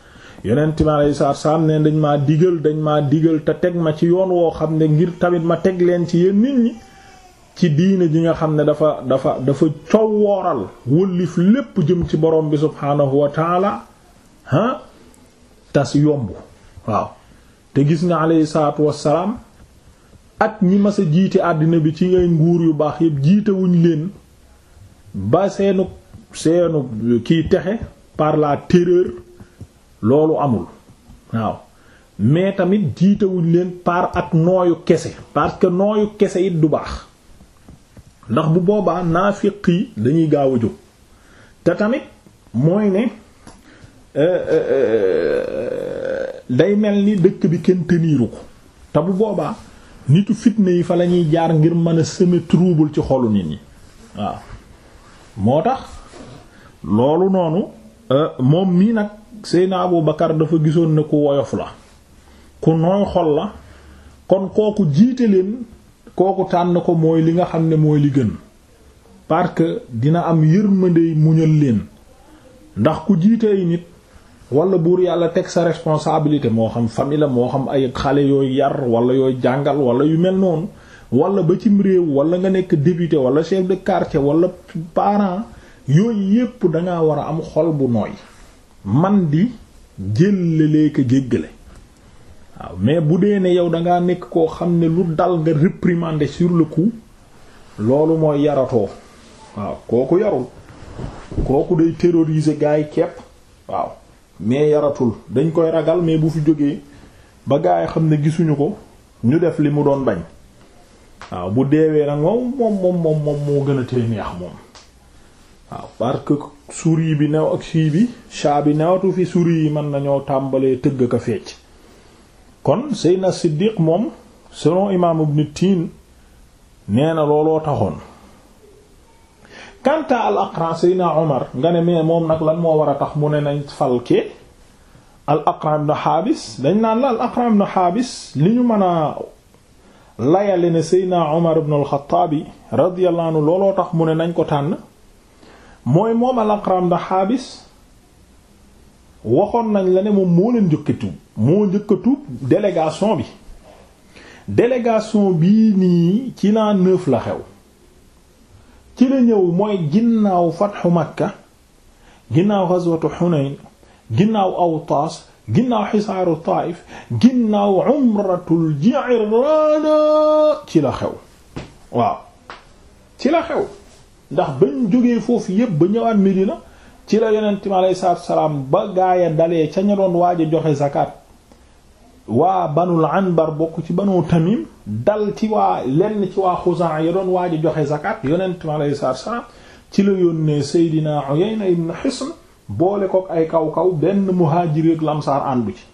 yonent mi alayhi salaatu salaam ne dañ ma digal dañ ma digal te teg ma ci yoon woo xam ne ngir tamit ma teg leen ci yéen nit ñi ci diine ji nga xam ne dafa dafa dafa cow wooral wëllif lépp jëm ci borom bi subhaanahu wa taala ah tas yomb waaw te gis nga alayhi salaatu wassalaam ak ñi mas a jiite àddina bi ci ngay nguur yu baax yépp jiitewuñ leen ba seenu seenu kiy texe par la terreur loolu amul waaw mais tamit jiitawuñ leen par ak nooyu kese parce que nooyu kese it du baax ndax bu boobaa naafiq yi dañuy gaaw a jóg te tamit mooy ne euh, euh, euh, day mel ni dëkk bi kenn teniiru ko te bu boobaa nitu fitne yi fa la ñuy jaar ngir mën a semer trouble ci xolu nit ñi waaw moo tax loolu noonu moom mii nag Seyna Abu Bakar dafa gisoon na ku woyof la ku nooy xol la kon kooku jiite leen kooku tànn ko mooy li nga xam ne mooy li gën parce que dina am yërmande muñal leen ndax ku jiite ay nit wala buur yàlla teg sa responsabilité moo xam famille moo xam ay xale yooyu yar wala yooy jàngal wala yu mel noonu wala ba cim réew wala nga nekk député wala chef de quartier wala parent yooyu yépp danga war a am xol bu nooy man di jéllalee ko jéggale waaw mais bu dee ne yow dangaa nekk koo xam ne lu dal nga réprimander sur le loolu mooy yaratoo waaw kooku yarul kooku day terroriser gars yi kepp waaw mais yaratul dañ koy ragal mais bu fi jógee ba gars yi xam ne gisuñu ko ñu def li mu doon bañ waaw bu deewee nag moom moom moom moom moo gën a tee neex moom waaw parce suri bi new ak sii bi sha bi newatu fi suri yi mën nañoo tàmbalee tëgg ka fecc kon Seydina Siddiq moom selon imaam Ibn Tin nee na looloo taxoon kanta al Aqra Seydina Omar nga ne mais moom nag lan moo war a tax mu ne nañ falke al Aqra ibn Habis dañ naan la al Aqra ibn Habis li ñu mën a layale ne Seydina Omar ibn al-Khattabi radiyallahu looloo tax mu ne nañ ko tànn mooy moom al-Aqram da xaabis waxoon nañ la ne moom moo leen njëkk tuub moo njëkk tuub délégation bi délégation bii nii ci l'an neuf la xew ci la ñëw mooy ginnaaw fatxu Makka ginnaaw ghazwatu Hunayn ginnaaw Awtaas ginnaaw xisaaru Taayif ginnaaw umratul Ji'rana ci la xew waaw ci la xew ndax bañ jógee foofu yépp ba ñëwaat Medina ci la yonent mi alayhi salaam ba gaaya dalee ca ña doon waaj joxe zakat waa banul anbar bokk ci banu tamim dal ci waa lenn ci waa xuzaa ya doon waaj a joxe zakat yonent mi alayhi salaatu salaam ci la yónnee Seydina Uyayna ibn Hisn boole kook ay kaw kaw benn muhaajir ak lamsaar àndu ci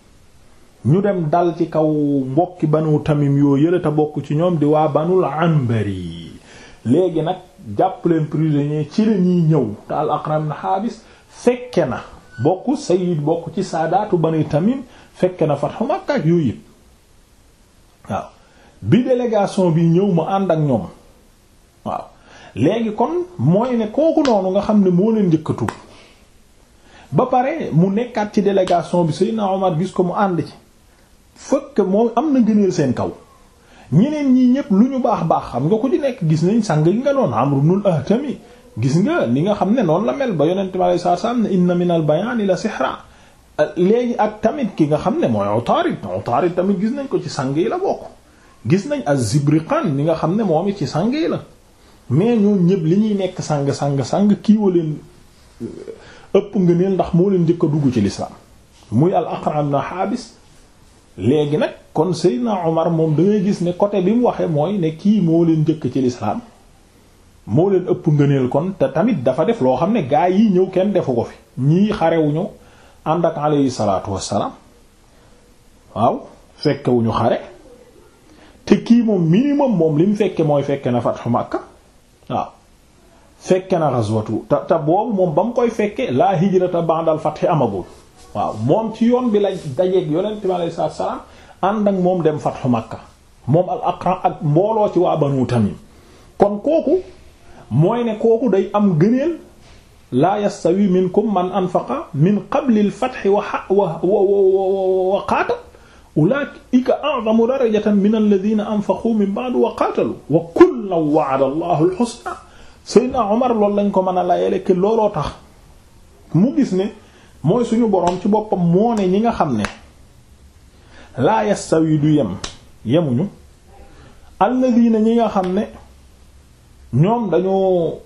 ñu dem dal ci kaw mbokki banu tamim yoo yële bokk ci ñoom di waa banul anbari léegi nag jàpp leen prisonnier ci la ñuy ñëw te al Aqram na xaabis fekke na bokk sayid bokk ci saadaatu bani Tamim fekke na fathu Makka ak yooyu yëpp waaw bi délégation bi ñëw mu ànd ak ñoom waaw léegi kon mooy ne kooku noonu nga xam ne moo leen njëkkatu ba pare mu nekkaat ci délégation bi Seydina Omar gis ko mu ànd ci fekk moom am na gëneel seen kaw ñeneen ñi ñëpp lu ñu baax baax xam nga ko ci nekk gis nañ sang gi nga doon Amru ibnul Ahtami gis nga li nga xam ne noonu la mel ba yonent bi alayhi salaam na inna minal i la sihra léegi ak tamit ki nga xam ne mooy Utaarid Utaarid tamit gis nañ ko ci sang yi la bokk gis nañ Az-Zibriqaan ni nga xam ne moom it ci sang yi la mais ñoom ñëpp li ñuy nekk sang sang sang kiiwa leen ëpp nga neel ndax moo leen njëkk a dugg ci lislaam muy al Aqra' ibn Haabis léegi nag kon Seydina Omar moom da gis ne côté bi mu waxee mooy ne kii moo leen jëkk ci lislaam moo leen ëpp ngëneel kon te tamit dafa def loo xam ne gaa yi ñëw kenn defu ko fi ñii xarewuñu ànd ak alayhi salaatu wassalaam waaw fekkewuñu xare te kii moom minimum moom li mu fekke mooy fekke na fatxu Makka waaw fekke na ghazwatu te te boobu moom ba mu koy fekke laa hijrata ba'dal fathi amagul waaw moom ci yoon bi la dajeeg yonent bi alayhi salaatu salaam ànd ak moom dem fatxu Makka moom al Aqra ak mbooloo ci waa Banu Tamim kon kooku mooy ne kooku day am gëneel laa yastawi minkum man anfaqa min qabli al fathi wa wa wa qaatal ulaa'ika a'zamu darajatan min alladhina anfaqu min ba'du wa qaatalu wa kullan wa'ada Allahu al husna Seydina Omar loolu lañ ko mën a layele ke looloo tax mu gis ne mooy suñu boroom ci boppam moo ne ñi nga xam ne laa yastawi du yem yemuñu alladina ñi nga xam ne ñoom dañoo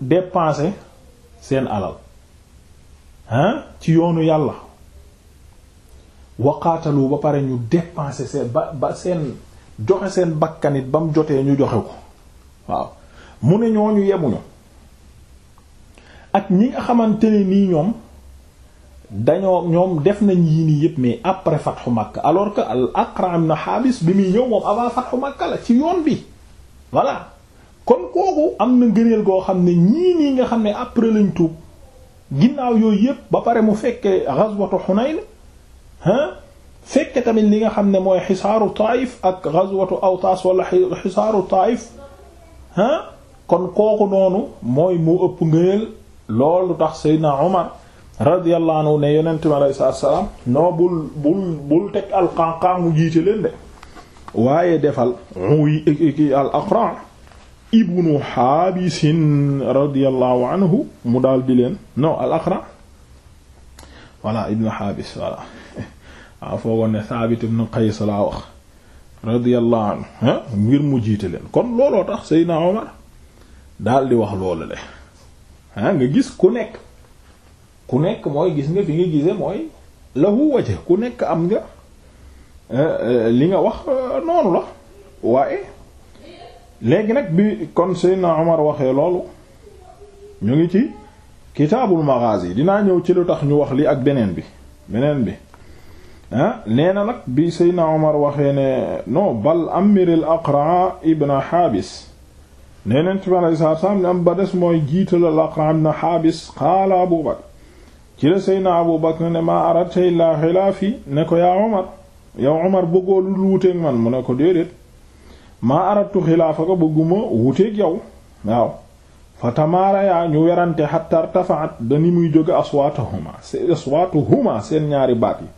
dépenser seen alal hein ci yoonu yàlla waqaatalu ba pare ñu dépenser seen ba seen joxe seen bakkanit ba mu jotee ñu joxe ko waaw mu ne ñooñu yemuñu ak ñi nga xamante ne ñoom dañoo ñoom def nañ yii nii yëpp mais après fatxu Makka alors que al Aqra ibn Habis bi muy ñëw moom avant fatxu Makka la ci yoon bi voilà kon kooku am na ngëneel goo xam ne ñii nii nga xam ne après lañ tuub ginnaaw yooyu yëpp ba pare mu fekke ghazwatu Hunayn fekke tamit li nga xam ne mooy xisaaru Taif ak ghazwatu Awtas wala xisaaru Taif ah kon kooku noonu mooy mu ëpp ngëneel loolu tax Seydina Omar radiyallahu anhu ne yonent bi alayhi salaam non bul bul teg al qanqan mu jiite leen de waaye defal muy ibnu xaabisin radiyallahu anhu mu daal di leen non al aqra voilà ibnu xaabis voilà waaw ah, foogoon ne Saabit ibnu Qays laa wax radiyallahu anhu ngir mu jiite leen kon looloo tax Seydina Omar daal di wax loolu le nga gis ku nekk ku nekk mooy gis nga fi nga gisee mooy lahu waje ku nekk am nga eh, eh, li nga wax eh, noonu la waaye léegi nag bi kon Seydina Omar waxee loolu ñu ngi ci kitaabul maghazi dinaa ñëw ci lu tax ñu wax li ak beneen bi beneen bi ah nee na nag bi Seydina Omar waxee ne non bal amiril Aqra ibn Habis nee neen ci ban ay saar am ba des mooy jiitalal Aqra ibn Habis qaala Abu Bakr ci la Seydina Abu Bakr ne maa aradta illaa xilaafi ne ko yaa Omar yow Omar bëggoo lu wuuteeg man mu ne ko déedéet maa aradtu xilaafaka bëgguma wuuteeg yow waaw fa tamaara yaa ñu werante xatta irtafaat dani muy jóge aswaatuhuma aswaatuhuma seen ñaari baat yi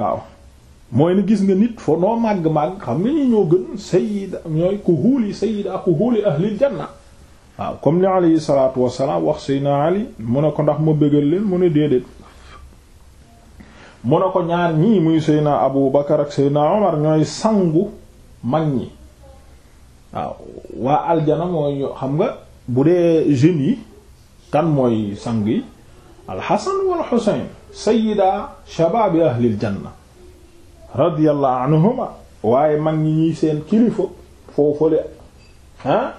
waaw mooy ni gis nga nit fo noo màgg-màgg xam ni ñoo gën sayida ñooy ku huuli sayida ku huuli ahlil janna waaw comme li alayhi salaatu wassalaam wax Seydina Ali mu ne ko ndax ma bëggal leen mu ne déedéet mu ne ko ñaar ñii muy Seydina Abu Bakar ak Seydina Omar ñooy sangu mag ñi waaw waa aljana mooy xam nga bu dee jeunes yi kan mooy sang yi alxasan wal xusayn shabaabi ahlil janna radiyallahu anhuma waaye mag ñi ñuy seen kilifa foofale ah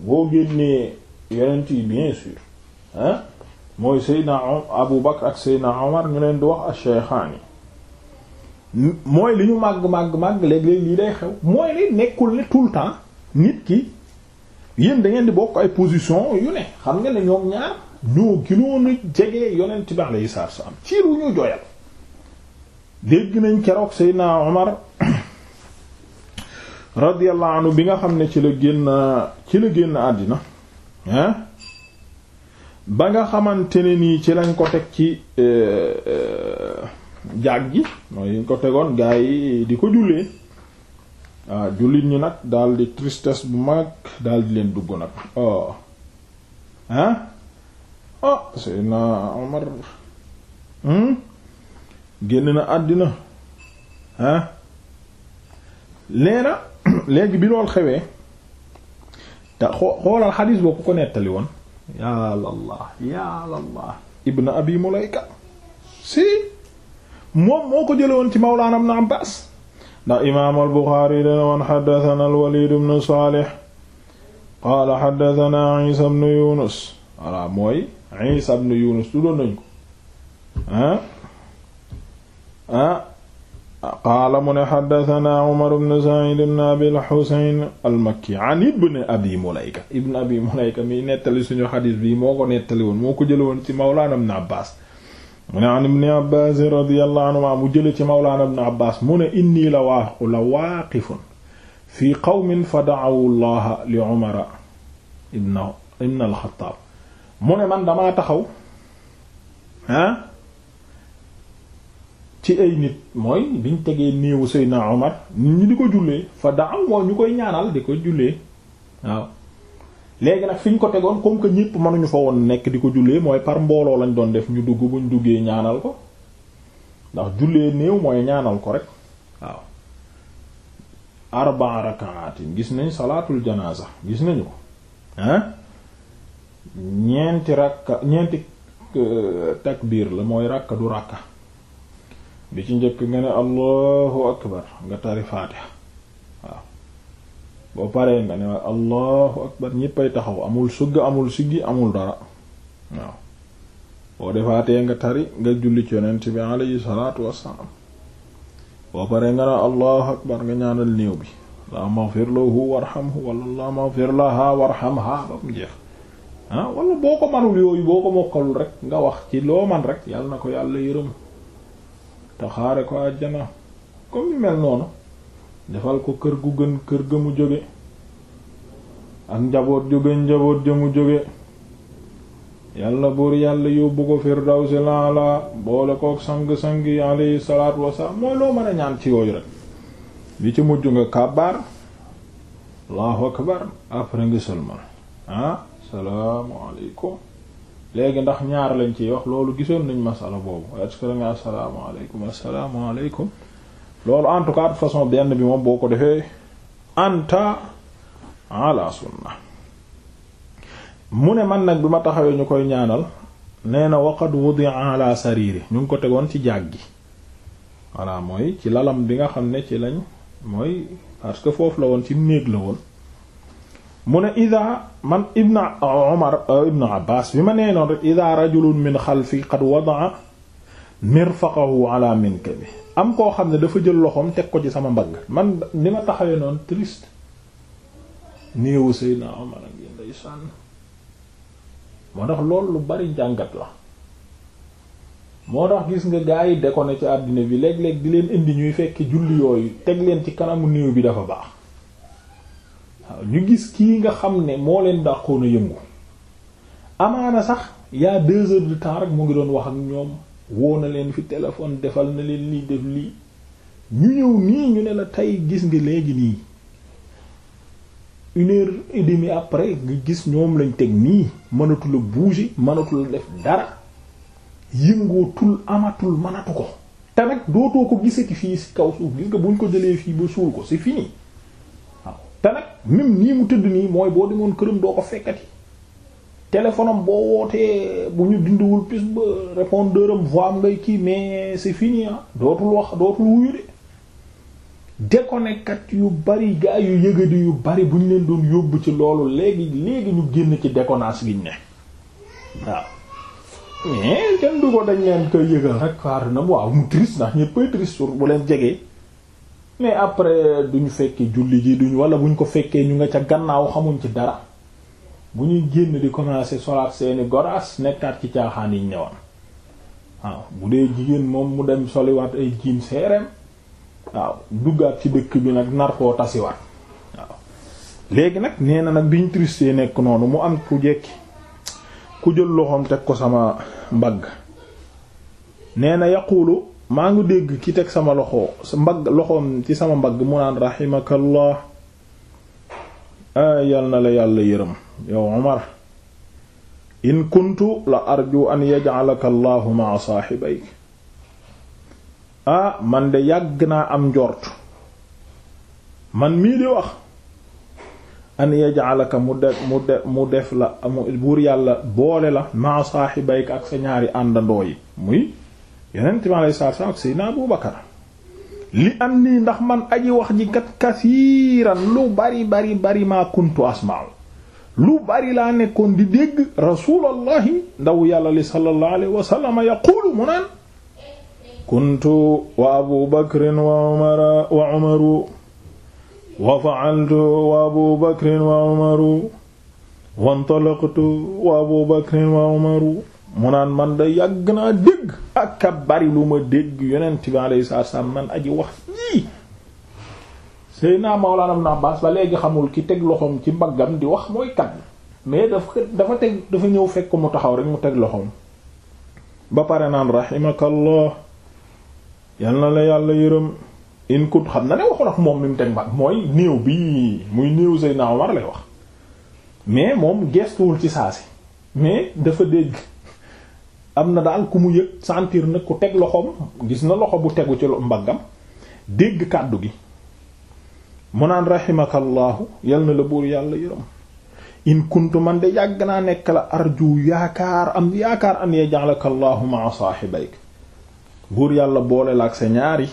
boo génnee yonent bien sûr ah mooy Seydina Abu Bakr ak Seydina Omar ñu leen di wax ash-shaykhaani mooy li ñu màgg màgg màgg léeg-léeg lii day xew mooy li nekkul ne tout le temps nit ki yéen dangeen di bokk ay position yu ne xam nga ne ñoom ñaar ñoo gënoon a jege yonent bi alayhi salaatu wa salaam ci ru ñu jooyal dégg nañ keroog Seydina Omar. radiyallahu anhu bi nga xam ne ci la génn ci la génn àddina hein ba nga xamante ne nii ci lañ ko teg ci euh, euh, jaag gi mooy yiñ ko tegoon gaa yi di ko jullee waaw ah, jullit ñi nag daal di bu mag daal di leen dugg nag oh hein oh Seydina Omar hmm? génn na àddina hein leena léegi bi loolu xewee te xoolal xadiis boo ku ko nettali woon yaa Allah yaa Allah ibn abi mulayka si moo ko jële woon ci mawlaana ibn Abbaas ndax imaam al-Buxaari dana woon xaddatana al-Waliid Saalih qaala xaddatana Iisa ibn Yunus voilà mooy Iisa ibn Yunus tuddoon nañ ko ah qaala mu ne xaddatana Umar ibn Saciid ibn Abil Xuseyn al-Makki an ibn Abi Mulayka ibn Abi Mulayka mi nettali suñu xadiis bi moo ko nettali woon moo ko jële woon ci Mawlaana ibn Abbaas mu ne an ibn Abbaas radiyallahu anhumaa mu jële ci Mawlaana ibn Abbaas mu ne innii la waaqu la waaqifun fii qawmin fa dacawu llaha li Umara ibn ibn al-Xattaab mu ne man damaa taxaw ah ci ay nit mooy biñ tegee néewu Seydina Omar nit ñi di ko jullee fa daaw mooy ñu koy ñaanal di ko jullee waaw léegi nag fi ñu ko tegoon comme que ñépp mënuñu fa woon nekk di ko jullee mooy par mbooloo lañ doon def ñu dugg bu ñu duggee ñaanal ko ndax jullee néew mooy ñaanal ko rek waaw arba rakaatin gis nañ salaatul janaasa gis nañu ko ah ñeenti rakka ñeenti euh, takbiir la mooy rakka du rakka bi ci njëkk nga ne allahu akbar nga tari faatiha waaw boo paree nga ne waaye allahu akbar ñéppay taxaw amul sugg amul siggi amul dara waaw boo defaatee nga tari nga julli ci yonent bi alayhi salaatu wassalaam boo paree nga ne allahu akbar nga ñaanal néew bi allahumma maghfir lahu warhamhu wala allahumma maghfir laha warhamha ba mu jeex ah wala boo ko manul yooyu boo ko mokkalul rek nga wax ci loo man rek yàlla na ko yàlla yërëm te xaare ko àjjana comme yu mel noonu defal ko kër gu gën kër ga mu jóge ak njaboot ju gën njaboot ja mu jóge yàlla buur yàlla yóbbu ko firdawsi laala boole kook sang-sang yi alayhi salaatu wasalaam mooy loo mën a ñaan ci yooyu rek bi ci mujj nga kàbbaar allahu akbar après nga sëlmal ah salaamu aleykum léegi ndax ñaar lañ ciy wax loolu gisoon nañ masala boobu est-ce que da nga asalaamaaleykum loolu en tout cas façon benn bi moom boo ko defee anta ala sunna mu ne man nag bi ma taxawee ñu koy ñaanal nee na waqad wudi'a ala sariri ñu ngi ko tegoon ci jaag gi voilà mooy ci lalam bi nga xam ne ci lañ mooy parce que foofu la woon ci néeg la woon mu ne ida man ibn Umar euh, euh, bi ma nee noon rek ida rajulun min xalfi qad wadaa mirfaqahu ala minkabi am koo xam ne dafa jël loxoom teg ko ci sama mbagg man ni ma taxawee noonu triste néewu Seydina Umar ak yéen sànn moo tax loolu lu bari njàngat la moo tax gis nga gaa yi de ko ne ci àddina bi léeg-léeg di leen indi ñuy fekk julli yooyu teg leen ci kanamu néew bi dafa baax waaw ñu gis kii nga xam ne moo leen dàqoon a yëngu amaana sax y'a deux heures de temps rek mu ngi doon wax ak ñoom woo na leen fi téléphone defal na leen lii def lii ñu ñëw nii ñu ne la tey gis ngi léegi nii une heure et après nga gis ñoom lañ teg nii mënatul a bouger def dara yëngootul amatul mënatu ko te nag dootoo ko gisati fii ci kaw suuf gis nga buñ ko jëlee fii ba suul ko c'est fini te nag même nii mu tëdd nii mooy boo demoon këram doo ko fekkati téléphone boo wootee bu ñu dindiwul plus ba répondeur am voix am ngay kii mais c'est fini ah dootul wax dootul wuyu de déconnectat yu bari gaa yu di yu bari bu ñu leen doon yóbbu ci loolu léegi léegi ñu génn ci déconnance gi ñu ne waaw mais kenn du dañ leen koy yëgal rek xaar na waaw mu triste ndax ñëppay triste bu leen jege mais après ñu fekkee julli ji duñu wala buñ ko fekkee ñu nga ca gannaaw xamuñ ci dara bu ñuy génn di commencer solaat seeni goraas nekkaat ci caaxaan yi ñëwoon waaw bu dee jigéen moom mu dem soliwaat ay jiin seereem waaw duggaat ci dëkk bi nag nar tasiwaat waaw léegi nag nee na nag ñu tristee nekk noonu mu am ku jekki ku jël loxoom teg ko sama mbagg nee na yaqulu maa ngi dégg ki teg sama loxo mbagg loxoom ci sama mbagg mu naan raximakallah yal na la yàlla yërëm yow Omar in kuntu la arju an yaj'alaka allahu ma'a saaxibayk ah man de yàgg naa am njort man mii di wax an yaj'alaka mu def mu def mu def la buur yàlla boole la ma'a saaxibayk ak sa ñaari àndandoo yi muy yeneen time alay saar saar ak Seydina Abu Bakar li am nii ndax man aji wax ji kat kasiiran lu bari bari bari maa kuntu asmaaw lu bari laa nekkoon di dégg rasuulallahi ndaw yàlla li sallallahu alayhi wa sallam yaquulu mu naan kuntu wa abu bakrin wa umara wa umaru wa fa'altu wa abu bakrin wa umaru wa intalaqtu wa abu bakrin wa umaru mu naan man da yàgg naa dégg ak a bari lu ma dégg yonent bi alayhi salaam man aji wax yii Seydina Mawlana naa Abbas ba léegi xamul ki teg loxoom ci mbaggam di wax mooy kat mais dafa dafa teg dafa ñëw fekk mu taxaw rek mu teg loxoom ba pare naan rahimakallah yal na la yàlla yërëm in kut xam na ne waxul ak moom mi mu teg mbagg mooy néew bi muy néew Seydina Omar lay wax mais moom gestuwul ci saa si mais dafa dégg am na daal ku mu yëg sentir na ku teg loxo gis na loxo bu tegu ci mbaggam dégg kàddu gi mu naan raximakallaahu yal na la buur yàlla yërëm in kuntu man de yàgg naa nekk la arju yaakaar am yaakaar an yaj'alakallaahu ma'a saahibayk buur yàlla boole la ak sa ñaari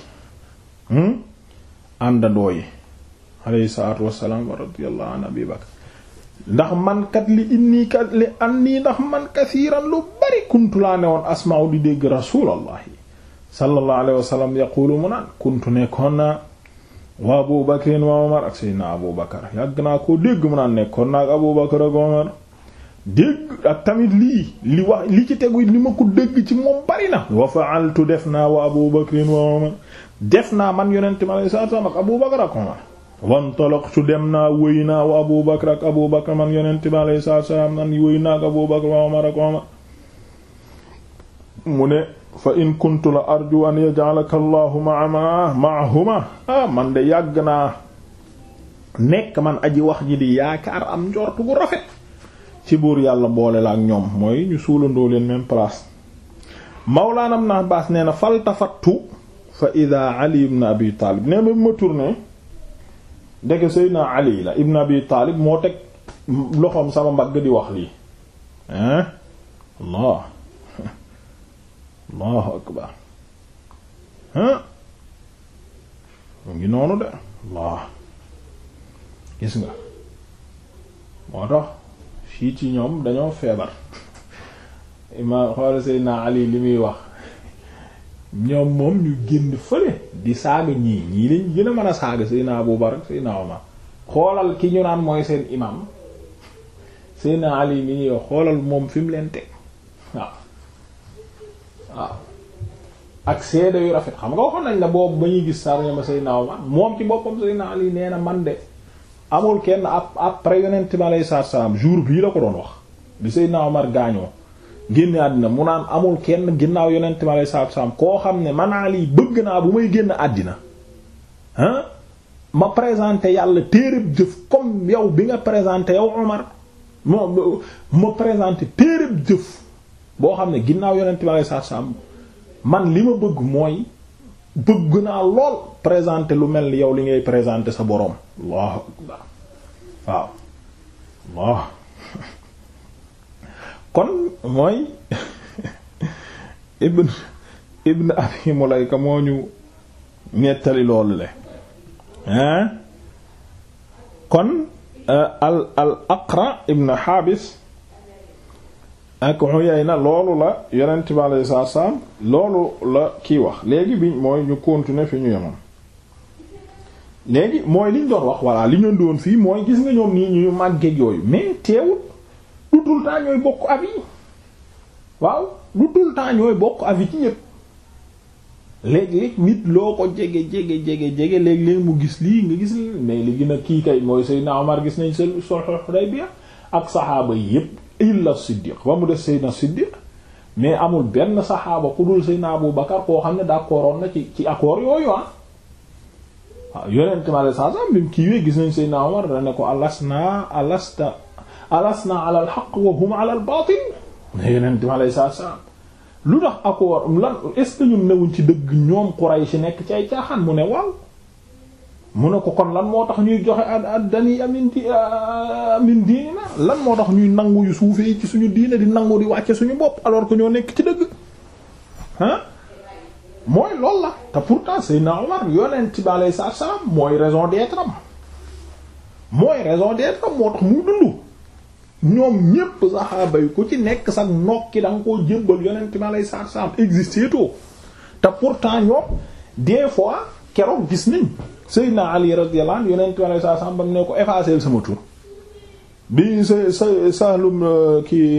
hmm, àndandoo yi alayhi salaatu wassalaam wa radiyallahu an abi bakr ndax man kat li inni kat li anni ndax man kasiiran lu bari kuntu laa ne woon asma'u di dégg rasulallahi sallallahu alayhi wa sallam yaqulu mu naan kuntu nekkoon naa wa Abu Bakr wa Umar ak Seydina Abu Bakr yàgg naa koo dégg mu naan nekkoon naa ak Abu Bakr ak Umar dégg ak tamit lii li wax li ci tegu li ma ko dégg ci moom bari na. wa fa'altu def naa wa Abu Bakr wa Umar def man yonent ma sallallahu alayhi Abu Bakr ak Umar wantoloqtu dem naa wëy naa wa abu bakar ak abu bakar man yonent bi alayhi salaatu salaam man wëy naa ak abu bakar wa omar ak omar mu ne fa in kuntu la arju an yaj'alaka allahu maama maahuma ah man de yàgg naa nekk man aji wax ji di yaakaar am njort gu rafet ci buur yàlla boole la ak ñoom mooy ñu suulandoo leen même place mawlaanam na baas nee na faltafattu fa ida ali ibn abi taalib nee ma ma tourné ndeke Seydina Ali la Ibn Abi Taalib moo teg loxoom sama mbagg di wax lii hein Allah Allahu akbar hein mu ngi noonu de Allah gis nga moo tax fii ci ñoom dañoo feebar imaam xoolal Seydina Ali li muy wax ñoom moom ñu génn fële di saaga ñii ñii lañ gën a mën a saaga Seydina Abu Bakar Seydina Omar xoolal ki ñu naan mooy seen imam Seydina Ali mi ñuy wax xoolal moom fi mu leen teg waaw ak seede yu rafet xam nga xam nañ la boobu ba ñuy gis ma Seydina Omar moom ci boppam Seydina Ali nee na man de amul kenn après yonent bi aleyhi salaatu wa salaam jour bii la ko doon wax bi Seydina Omar gaañoo génn àddina mu naan amul kenn ginnaaw yonent mi alayhi koo xam ne man Ali bëgg naa bu may génn àddina ah ma présenté yàlla téereb jëf comme yow bi nga présenté yow Omar mo ma présenté téereb jëf boo xam ne ginnaaw yonent mi alayhi man li ma bëgg mooy bëgg naa lool présenté lu mel ni yow li ngay présenté sa boroom allahu waaw kon mooy ibn ibn abi mulayka moo ñu nettali loolu le hein kon euh, al al aqra ibn xaabis ak na loolu la yonent bi alayhi salaatu salaam loolu la kiy wax léegi bi mooy ñu continuer fi ñu yemoon léegi mooy liñ doon wax voilà li ñu doon fii mooy gis nga ñoom nii ñu màggeeg yooyu mais teewul du tout temps ñooy bokk avis waaw du tout temps ñooy bokk avis ci ñépp léeg nit loo ko jege jege jege jege léeg-léeg mu gis lii nga gis lii mais li gën a kii kay mooy Seydina Omar gis nañ seen sulh Hudaybiya ak saxaaba yi yépp illa Siddiq ba mu def Seydina mais amul benn saxaaba ku dul Seydina Abu Bakar koo xam ne d'accordoon na ci ci accord yooyu ah waaw yonent ma la sasam bi mu kiiwee gis nañ Seydina Omar da ne ko alas alasta alasna ala al haqq wa hum ala al batil ne yonent mi alayhi salaatu lu tax accord lan est-ce que ñun newuñ ci dëgg ñoom ci nekk ci ay caaxaan mu ne waaw mu ne ko kon lan moo tax ñuy joxe a dani amin di amin diina lan moo tax ñuy nangu yu suufee ci suñu diina di nangu di wàcce suñu bopp alors que ñoo nekk ci dëgg mooy loolu la te pourtant Seydina Omar yonent bi alayhi salaatu salaam mooy raison d'être am mooy raison d'être am moo tax muy dund ñoom ñépp saxaaba ku ci nekk sax nokki da nga koo jébbal yonent ma lay saar saam existé too te pourtant ñoom des fois keroog gis nañ Seydina Ali radiyallahu anhu yonent ma lay saar saam ba ne ko effacer sama tur bi sa sa Sahlum euh, kii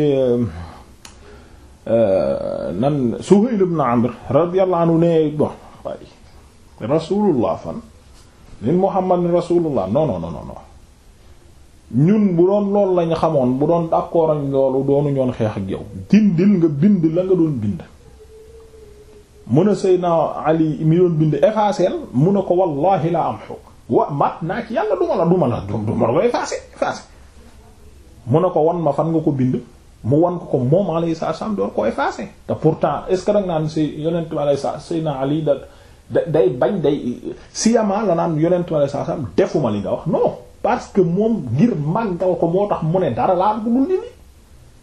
euh, nan Suhayl ibn Amr radiyallahu anhu ne rasulullah fan min Muhammad rasulullah non non non non ñun bu doon loolu lañu xamoon bu doon d'accord ak loolu doonu ñoon xeex ak yow dindil nga bind la nga doon bind mun a Seydina Ali mi doon bind effacer mu ne ko wallahi la am xew wa mat naa ci yàlla duma la duma la duma la ko effacer effacer mun a ko wan ma fan nga ko bind mu wan ko ko moom alayhi salaam door ko effacer te que danga naan s yonent bi alayhi salaam da day bañ day siyama la naan yonent bi alayhi salaam defuma li nga wax non parce que moom ngir màggal ko moo tax mu ne dara laa bëggul ni ni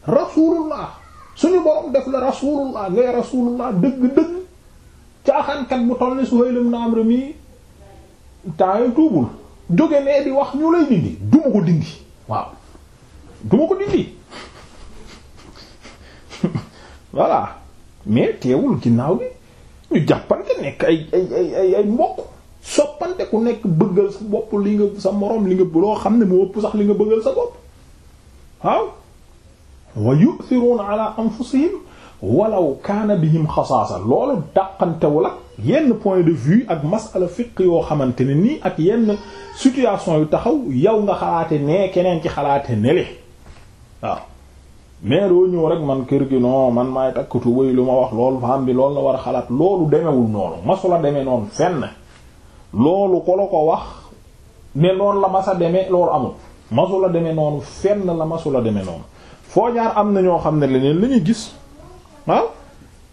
rasulullah suñu borom def la rasulullah ngay rasulullah dëgg-dëgg caaxaankat bu toll ni Suhayl ibn Amr mi temps tuubul jóge nee di wax ñu lay dindi duma ko dindi waaw duma ko dindi voilà mais teewul ginnaaw bi ñu jàppante nekk ay ay ay mbokk soppante ku nekk bëggal sa bopp li nga sa moroom li nga loo xam ne mu ëpp sax li nga bëggal sa bopp waaw wa yu'thiruna ala anfusihim walaw kaana bihim xasaasa loolu dàqantewul ak yenn point de vue ak masala fiq yoo xamante ne nii ak yenn situation yu taxaw yow nga xalaate nee keneen ci xalaate nele waaw mais doo ñëw rek man kër gi noo man maay takkatu bay lu ma wax loolu faam bi loolu la war a xalaat loolu demewul noonu masula demee noonu fenn loolu ko la ko wax ne noonu la masa demee loolu amul masu la demee noonu fenn la masu la demee noonu foo jaar am na ñoo xam ne leneen la gis waaw ah?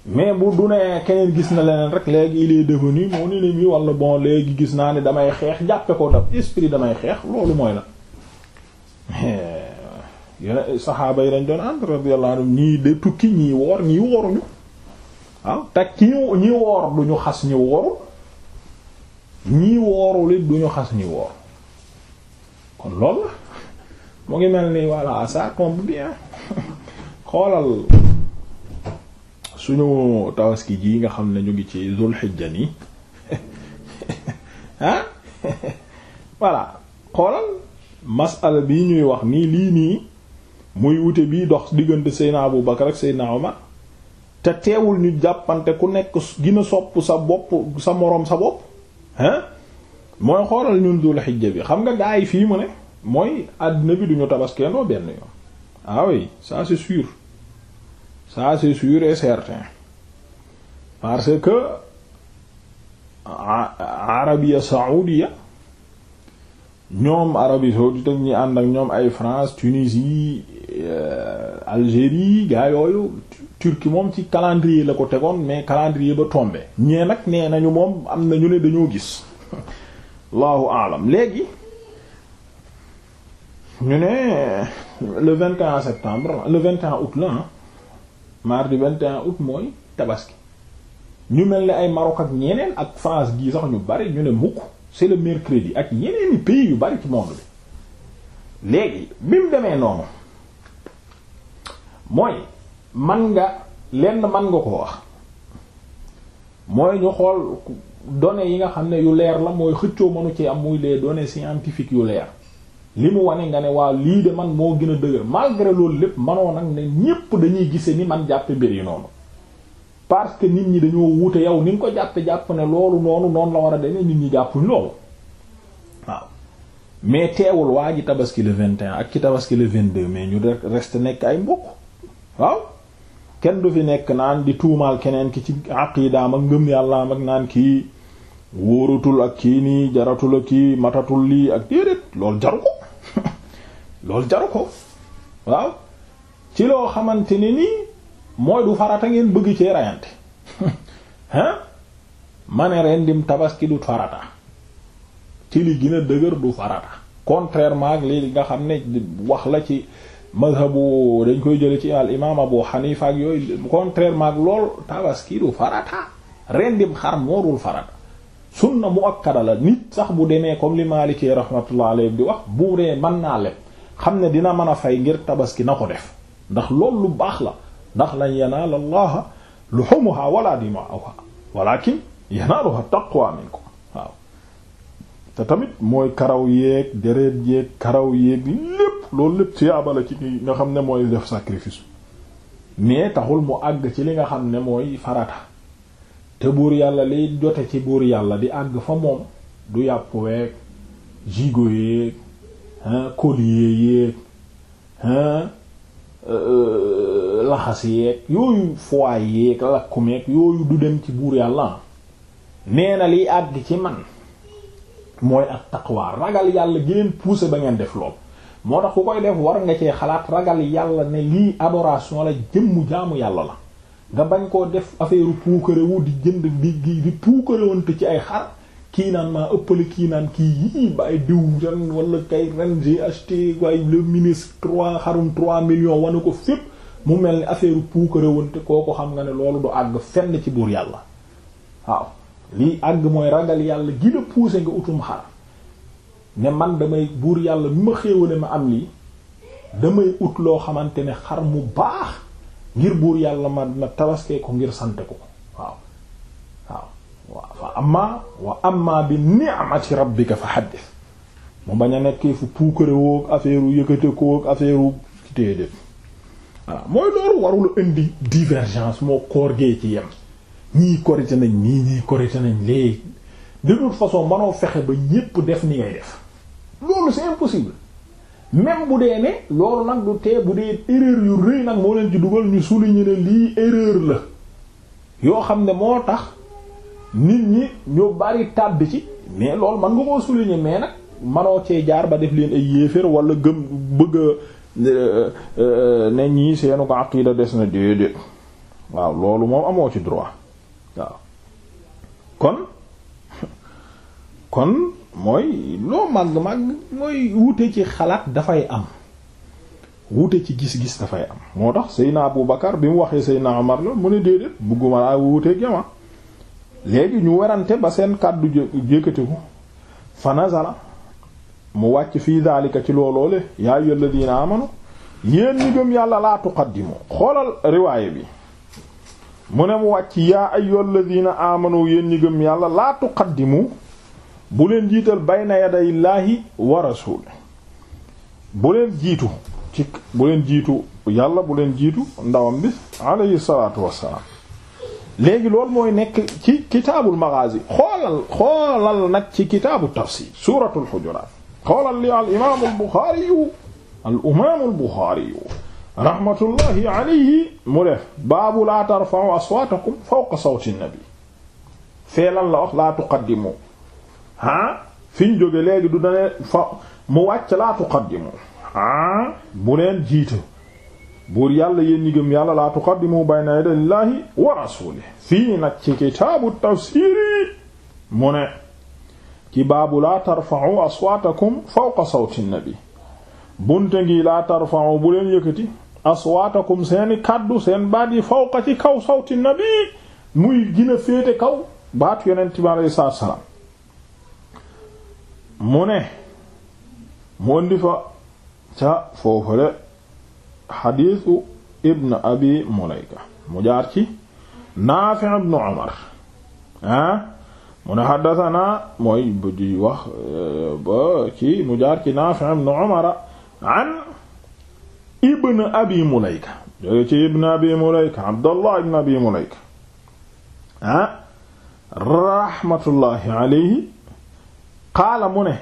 mais bu du ne keneen gis na leneen rek léegi il est ni mon ennemi wala bon léegi gis naa ne damay xeex jàppe ko daf esprit damay xeex loolu mooy la eh, yene saxaaba yi dañ doon ànd radiyallahu anhum ñii de tukki ñii woor ñii wooruñu waaw ah? te ki ñii woor ñu xas ñi wooru ñii woorul it duñu xas ñi woor kon lool la mu ngi mel ni walla ça tombe bien xoolal suñu tawaski ji nga xam ne ñu ngi ci zul xijja nii ah voilà xoolal masala bi ñuy wax nii lii nii muy wute bi dox diggante Seydina Abu Bakar ak Seydina Omar te teewul ñu jàppante ku nekk gina sopp sa bopp sa moroom sa bopp hein mooy xoolal ñun dul xijja bi xam nga gaa yi fii mu ne mooy àddina bi duñu tabaskeendoo benn yoon ah oui ça c'est sûr et certain parce que arabia saoudia ñoom Arabie saoudite ak ñi ànd ak ñoom ay France Tunisie euh, Algérie gaa Turquie moom ci calendrier la ko tegoon mais calendrier ba tombé ñee nag nee nañu moom am na ñu ne dañoo gis allahu alam léegi ñu ne le vingt 21 septembre le vingt 21 août la ah mardi 21 aut mooy tabaski ñu mel ni ay Maroc ak ñeneen ak France gii sax ñu bari ñu ne mukk c'est le mercredi ak ñeneeni pays yu bari ci monde bi léegi bi mu demee noonu mooy man nga lenn man nga ko wax mooy ñu xool données yi nga xam ne yu leer la mooy xëccoo mënu ci am muy les données scientifiques yu leer li mu wane nga ne waaw lii de man moo gën a dëgër malgré loolu lépp manoon nag ne ñépp dañuy gise ni man jàppe mbir yi noonu parce que nit ñi dañoo wuute yow ni nga ko jàppe-jàpp ne loolu noonu noonu la war a demee nit ñi jàppuñ loolu waaw mais teewul waa ji tabaski le 21 ak ci tabaski le 22 mais ñu rek reste nekk ay mbokk kenn du fi nekk naan di tuumaal keneen ki ci aqiidaam ak ngëm yàllaam ak naan kii wóoratul ak kii nii jaratul ak kii matatul lii ak déedéet loolu jaru ko loolu jaru ko waaw ci loo xamante ne nii mooy du farata ngeen bëgg cee rayante hein ma ne rendim tabaski du farata ci li gën a dëgër du farata contrairement ak lii nga xam ne wax la ci mazhabu dañ koy jële ci al imam Abu Hanifa ak yooyu contrairement ak lool tabaski du farata rendim xar moorul farata sunna muakkada la nit sax bu demee comme li Maliki rahmatullah alayhi di wax bu dee mën naa leb xam ne dina mën a fay ngir tabaski na ko def ndax loolu lu baax la ndax lañ yanaal allaha luhumuha wala dima'uha walakin yanaaluha taqwa minkum te tamit mooy karaw yéeg deret yeeg karaw yeeg lépp loolu lépp ci abala ci nga xam ne mooy def sacrifice mais taxul mu àgg ci li nga xam ne mooy farata te buur yàlla liy jote ci buur yàlla di àgg fa moom du yàpp weeg jigo yeeg collier yeeg euh, laxas yeeg yooyu foie yeeg lakkumeeg yooyu du dem ci buur yàlla nee na liy àgg ci man mooy ak taqwa ragal yàlla gi leen pousser ba ngeen def lool moo tax ku koy def war nga cee xalaat ragal yàlla ne lii adoration la jëmmu jaamu yàlla la nga bañ koo def affaire puukarewu di jënd di di puukarewante ci ay xar kii naan maa ëppale kii naan kii yii ba ay diw ren walla kay ren j'ai acheté waay le ministre trois xarum trois millions wane ko fépp mu mel ni affaire koo ko xam nga ne loolu du àgg fenn ci buur yàlla waaw lii àgg mooy ragal yàlla gi la nga utum xar ne man damay buur yàlla mi ma xéewale ma am lii damay ut loo xamante ne xar mu baax ngir buur yàlla ma ma tabaskee ko ngir sante ko waaw waaw wa fa amma wa amma bi ni'mati rabbika fa xaddis mu bañ a nekkee fu puukare woog affaire u yëkkate koog affaire téedéet voilà mooy loolu warula indi divergence moo koor gee ci yem ñii korite nañ nii ñii korite nañ léegi façon manoo fexe ba ñépp def ni ngay def loolu c'est impossible même bu dee ne loolu nag du tee bu dee erreur yu rëy nag moo leen ci dugal ñu souligner ne lii erreur la yoo xam ne moo tax nit ñi ñu bari tàbb ci mais loolu man nga koo souligner mais nag manoo cee jaar ba def leen ay yéeféer wala gëm bëgg a euh, euh, ne ñii seenu ko aqida des na déedéet waaw loolu moom amoo ci droit waaw kon kon mooy loo màgg-màgg mooy wuute ci xalaat dafay am wuute ci gis-gis dafay am moo tax Seydina Abu Bakar bi mu waxee Seydina Omar la mu ne déedéet bëgguma laa wuuteeg yama ah. léegi ñu werante ba seen kàddu jékkatiku fa mu wàcc fii daalika ci looloole yaa ayyuhalladhina amanu yéen ñi yàlla laa tuqaddimu xoolal riwaaya bi mu ne mu wàcc yaa ayyuhal ladina amanu yéen ñi gëm yàlla laa tuqaddimu bu leen jiital bayna yadayillaahi wa rasul bu leen jiitu ci bu jiitu yàlla bu leen jiitu ndawam bi alayhi salaatu wassalaam mooy nekk ci kitaabul maghazi xoolal nag ci kitaabu tafsir suuratul xujuraat xoolal li al imaamul buxaari yu rahmatullahi alayhi mu def baabu laa tarfa'u aswaatakum fawqa sawti nabi fee la wax laa tuqaddimu ah fi ñu jóge léegi du dane fa mu wàcc laa tuqaddimu ah bu leen jiite buur yàlla yéen ñi gëm yàlla laa tuqaddimu bayna yaday llaahi wa rasuulihi fii nag ci kitaabu tafsiiri mu ne ci baabu laa tarfa'u aswaatakum fawqa sawti nabi bunte ngi laa tarfa'u bu leen yëkkati aswaatakum seeni kàddu seen baat yi fawqa ci kaw sawti nabi muy gën a féete kaw baat yonent bi alayhi salaam mu ne mu indi fa ca foofale xadiisu ibn abi mulayka mu jaar ci naafi ibn umar ah mu ne xaddasanaa mooy bu di wax eh, ba ci mu jaar ci naafi ibn umara an ibn abi mulayka jóge ci ibn abi mulayka abdallah ibn abi mulayka ah rahmatullahi alayhi qaala mu ne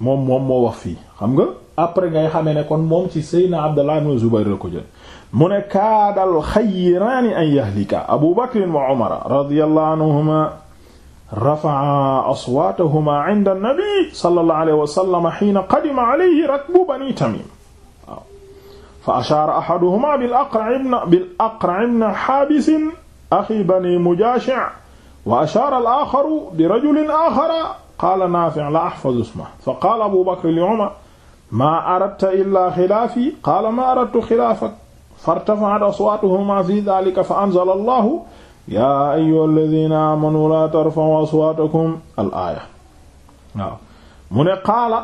moom moom moo wax fii xam nga après ngay xamee ne kon moom ci seydna abdallah ibn zubayr la ko jël mu ne kaadal xayiraani an yahlika abu bakrin wa umara radiyallahu anhuma rafaa aswaatahuma inda nabi sallallahu alayhi wa sallam hiina qadima alayhi rakbu bani tamim waaw fa ashaara ahaduhuma bil aqra' ibn bil aqra' ibn haabis axi bani mujaashi' wa ashaara al aaxaru bi rajulin aaxara qaala naafi' laa ahfazu ismahu fa qaala abu bakr li umar maa aradta illaa xilaafi qaala maa aradtu xilaafak fartafa'at aswaatuhuma fi dhaalika fa anzala allahu yaa ayyuha alladina amanu la tarfa'u aswaatakum al aaya waaw mu ne qaala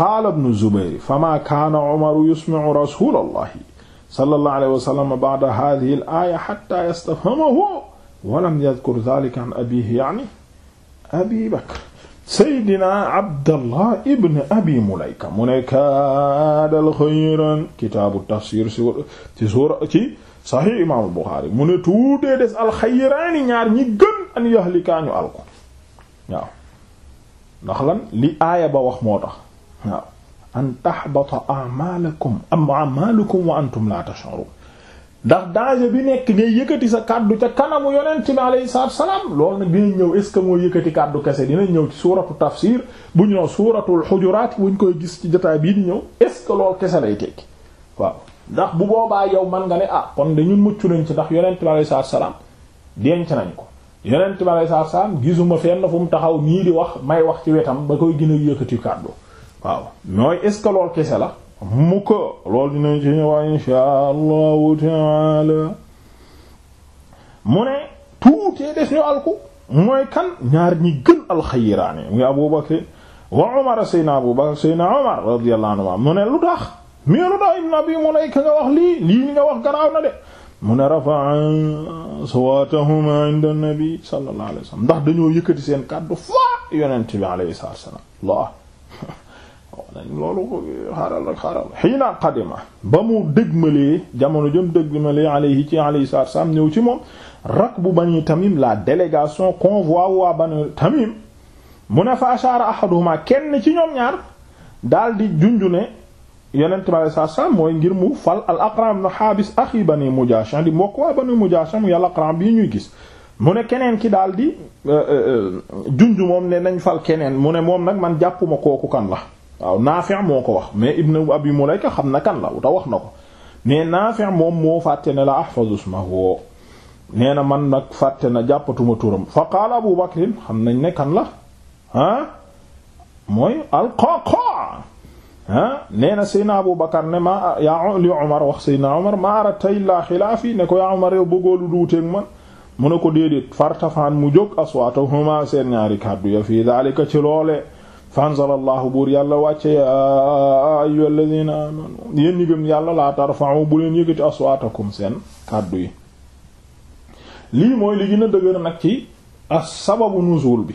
qaala ibnu zubayr fama kaana umaru yusmi'u rasula allahi sallallahu alayhi wa sallam ba'da hadhihi al aaya hatta yastafhamahu wa lam yadhkur dhalika an abihi ya'ni abi bakr seydina abdallah ibn abi mulayka mu ne kaadal xayran kitaabu tafsir ci sahih imaamul Buxaari mu ne tuutee des alxayraani ñaar ñi gën an yahlikañu al ko waaw ndax lan li aaya ba wax moo tax waaw an tahbata a'maalakum am a'maalukum wa antum la tash'urun ndax danger bi nekk ngay yëkkati sa kàddu ca kanamu yonent bi alayhi salaatu salaam lool nag dinañ ñëw est-ce que moo yëkkati kàddu kese dinañ ñëw ci suuratu tafsir bu ñu ñëw suuratul xujuraat buñ koy gis ci jataay bii di ñëw est-ce que kese lay tekki waaw ndax bu boobaa yow man nga ne ah kon dañu mucc nañ ci ndax yonent bi alayhi salaatu salaam denc nañ ko yonent bi alayhi salaatu salaam gisuma fenn fu mu taxaw nii di wax may wax ci wetam ba koy gën a yëkkati kàddu waaw mooy est ce kese la mu ko lool dinañ ci ñëwaat insha allahu taala mu ne tuutee des ñu alku mooy kan ñaar ñi gën alxayiraani muy Abu Bakr wa Umar sayna Abu Bakr sayna Umar radiyallahu anhu mu ne lu tax Mirda ibn Abi Mulayka nga wax lii lii nga wax garaaw de mu ne rafa'a aswaatahuma inda an-nabi sallallahu alayhi wasallam ndax dañoo yëkkati seen kàddu fa yonent bi alayhi salaam Allah loolu xaaral rek xaaral xiina qadima ba mu dëgmalee jamono jëm dëgmalee alayhi ci alayhi salaam ñëw ci moom rakbu bani tamim la délégation convoi waa bani tamim mu ne fa ashaara ahaduhuma kenn ci ñoom ñaar daal di junjune yonent bi alayhi salaam mooy ngir mu fal al Aqra' ibn Haabis axi Bani Mujaasha di mbokk waa Bani Mujaasha mu yàlla Aqra' bii ñuy gis mu ne keneen ki daal di euh, euh, euh, junj moom ne nañ fal keneen mu ne moom nag man jàppuma kooku kan la waaw Naafi' moo ko wax mais Ibn Abi Mulayka xam na kan la wuta wax na ko mais Naafi' moom moo fàtte ne la ahfazu ismahu nee na man nag fàtte na jàppatuma turam fa qaala Abu Bakr xam nañ ne kan la ah mooy al-Qaqaa ah nee na Seydina Abu Bakar ne ma yaa li Umar wax Seydina Umar ma arata illaa xilaafi ne ko yaa Umar yow bëggoolu duuteeg man mu ne ko déedéet fartafaan mu jóg aswaatahuma seen ñaari kàddu ya fii daalika ci loole fanzalallahu buur yàlla wàcce ya ayyuhalladhina amanu yéen ñi yàlla laa tarfa'u bu leen yëkkati aswaatakum seen kàddu yi lii mooy li dëgër nag ci as sababu nuzul bi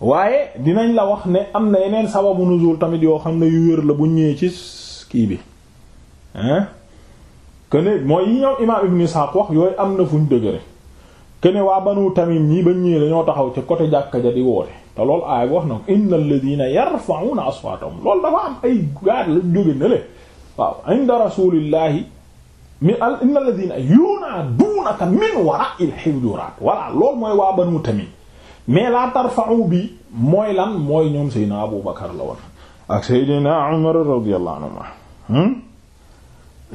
waaye dinañ la wax ne am na yeneen sababu nuzul tamit yoo xam ne yu wér la bu ñëwee ci kii bi hein këne mooy yi ñoom imaam ibn Isaaq wax yooyu am na fuñ dëgëre këne waa ba banu tamim ñii ba ñëwee dañoo taxaw ca côté jàkka ja di woote te loolu aay wax na ko inna alladina yarfa'una aswaatahum lool dafa am ay gaar la jóge na waaw inda rasulillahi mi al inna alladina yunaadunaka min wara'il hujuraat voilà loolu mooy waa banu tamim mais la tarfa'u bi mooy lan mooy ñoom Seydina Abu Bakar la woon ak Seydina Umar radiyallahu anhu hmm?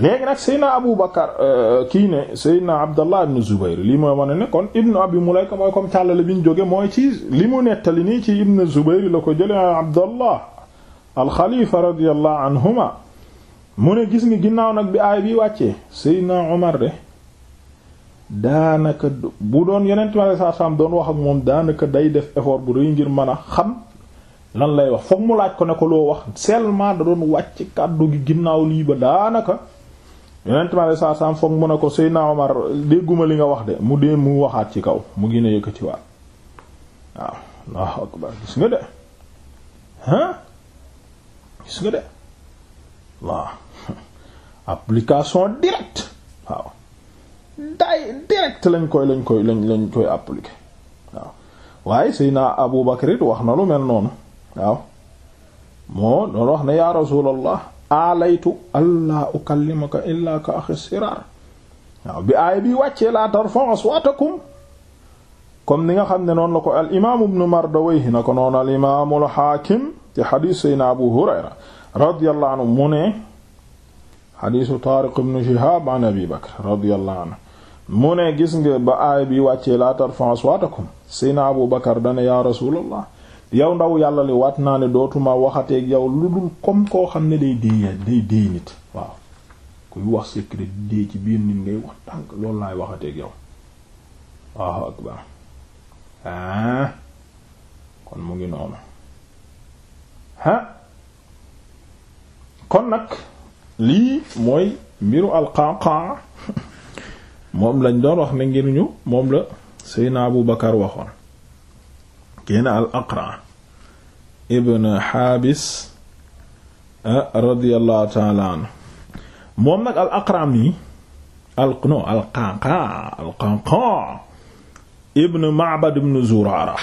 léegi nag Seydina Abu Bakar euh, kii ne Seydina Abdallah ibn Zubayr lii mooy wane ne kon Ibn Abi Mulayka mooy comme càllale bi ñu jóge mooy ci li mu nettali nii ci Ibn Zubayr la ko jële Abdallah al-Khalifa radiyallahu anhuma mu ne gis nga ginnaaw nag bi aay bi wàccee Seydina Umar daanaka bu doon yeneen ma saa saam doon wax ak moom daanaka day def effort bu rëy ngir mën a xam lan lay wax foog mu laaj ko ne ko loo wax seulement da doon wàcc kàddu gi ginnaaw lii ba daanaka yeneen ma saa saam foog mu ne ko Seydina Omar dégguma li nga wax de mu dee mu waxaat ci kaw mu gën a ci waat waaw Allahu akbar gis nga de ah gis nga de waaw application directe waaw. daay direct lañ koy lañ koy lañ Abu Bakr it wax na lu mel noonu waaw moo doon wax ne alaytu allaa ukallimaka illaa ka axi siraar bi aaya bi wàccee laa tarfa'u aswaatakum comme ni nga xam ne noonu la ko al imaamu ibnu Mardawayhi ko noonu al imaamul Haakim ci xadiis Abu Hurayra radiyallahu anhu mu ne xadiisu Taariq ibnu Shihaab an Abi Bakr radiyallahu anhu mu ne gis nga ba aay bi wàccee laa tarfa'u aswaatakum sayna Abu Bakar dane yaa rasulallah yow ndaw yàlla li waat naa ne dootuma waxateeg yow lu dul comme koo xam ne day déey nit waaw kuy wax secret déey ci biir nit ngay wax tànk loolu laay waxateeg yow waaw akbar ah kon mu ngi noonu ah kon nag lii mooy mbiru al qaqaa moom lañ doon wax ne ngir moom la Seydina Abu Bakar waxoon keena al Aqra ibn Habis ah, radiyallahu ta'ala anhu moom nag al Aqra mi al no al Qanqa ibn Ma'bad ibn Zurara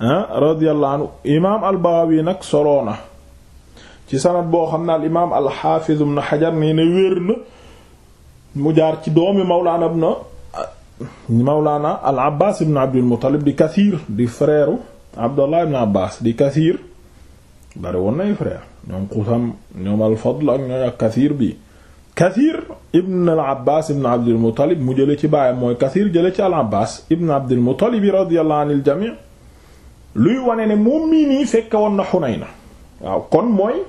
ah, radiyallahu anhu imaam al Baghawi nag soroona ci sanad boo xam ne al imaam al Hafiz ibn Hajar nee na wér mu jaar ci doomi Mawlaana ibn Mawlaana al Abbaas ibn Abdul Muttalib di Kasiir di frère Abdallah ibn Abbaas di Kasiir bari woon nay al Fadl ak ñooy al Muttalib mu jële ci baayam mooy Kasiir jële ci al Abbaas ibn Abdul Muttalib radiyallahu anil jamii luy wane ne moom mii nii fekke woon na Xunayn na kon mooy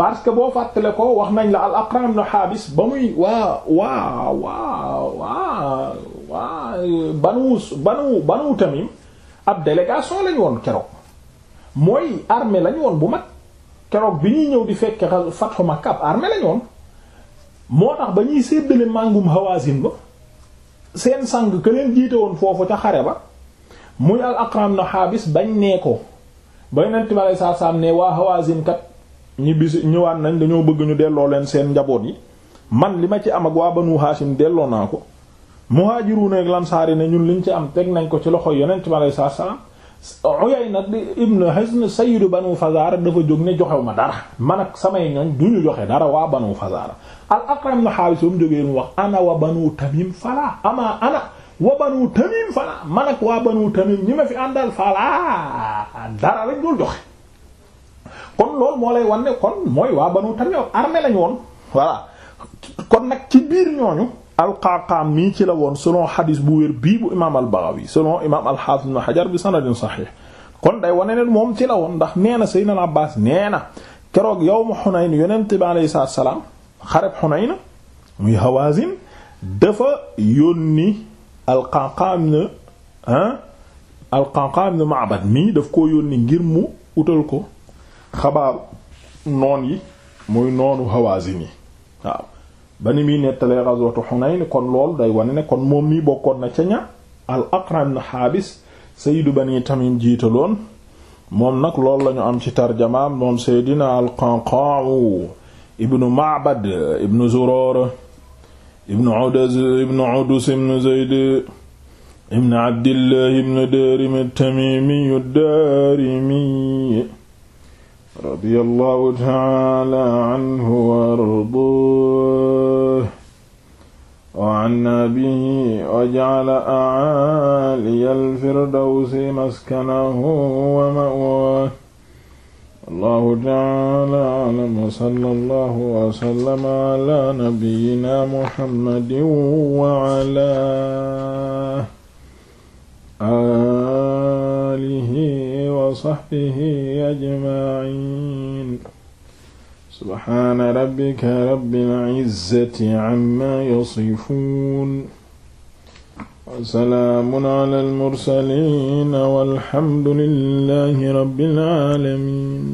parce que boo fàttale ko wax nañ la al Aqra ibn Habis ba muy waa waa waa waa waa banu banu banu Tamim ab délégation lañ woon keroog mooy armée lañ woon bu mag keroog bi ñuy ñëw di fekk Fathu Makka ab armée lañ woon moo tax ba ñuy séddale màngum Hawazin ba seen sang ka jiite woon foofu ca xare ba muy al Aqra ibn Habis bañ nee ko ba Yonent bi sallallahu alayhi wasallam ne waa Hawazin kat ñi bisi ñëwaat nañ dañoo bëgg ñu delloo leen seen njaboot yi man li ma ci am ak waa banu haashim delloo naa ko ne ak lansaari ne ñun liñ ci am teg nañ ko ci loxo yonent bi alayhi salaam Uyayna ibn Hisn sayyidu banu Fazaara dafa jóg ne joxew ma dara man ak samay ñoñ du ñu joxe dara waa banu Fazaara al Aqram na Haabis mu jógee mu wax ana wa banu Tamim fala ama ana wa banu Tamim fala man ak waa banu Tamim ñi ma fi àndal fala dara lañ dul kon loolu moo lay wan ne kon mooy waa banu tamim armée lañu woon voilà kon nag ci biir ñooñu alqaaqaa mii ci la woon selon xadis bu wér bii bu imaam al-Baghawi selon imaam al-Hafiz ibn Hajar bi sanadin sahih kon day wane ne moom ci la woon ndax nee na Seydina al-Abbas nee na keroog yawmu Hunayn yonent bi alayhi salaatu salaam xareb Hunayn muy Hawazin dafa yónni alqaaqaa ibn ah, alqaaqaa ibn Ma'bad mii daf koo yónni ngir mu utal ko xabaar noon yi mooy noonu Hawazin yi waaw ba ni muy nettalee ghazwatu Hunayn kon loolu day wane ne kon moom mii bokkoon na ca ña al Aqra ibn Habis sayyidu bani Tamim jiitaloon moom nag loolu lañu am ci tarjamaam moom seydina al Qanqa'u ibnu Ma'bad ibnu Zurara ibnu Udus ibnu Zayd ibnu Abdillah ibnu Darim at-Tamimi ad-Darimi radiyallahu ta'ala anhu wa ardaahu wa an abiihi wa ja'ala a'aaliya al-firdawsi maskanahu wa ma'waahu allahu ta'ala a'lam wa sallallahu wa sallama ala nabiyyina muhammadin wa ala alihi wa sahbihi ajma'in subhaana rabbika rabbil izzati amma yasifuun wa salaamun alal mursaliin walhamdu lillahi rabbil aalamiin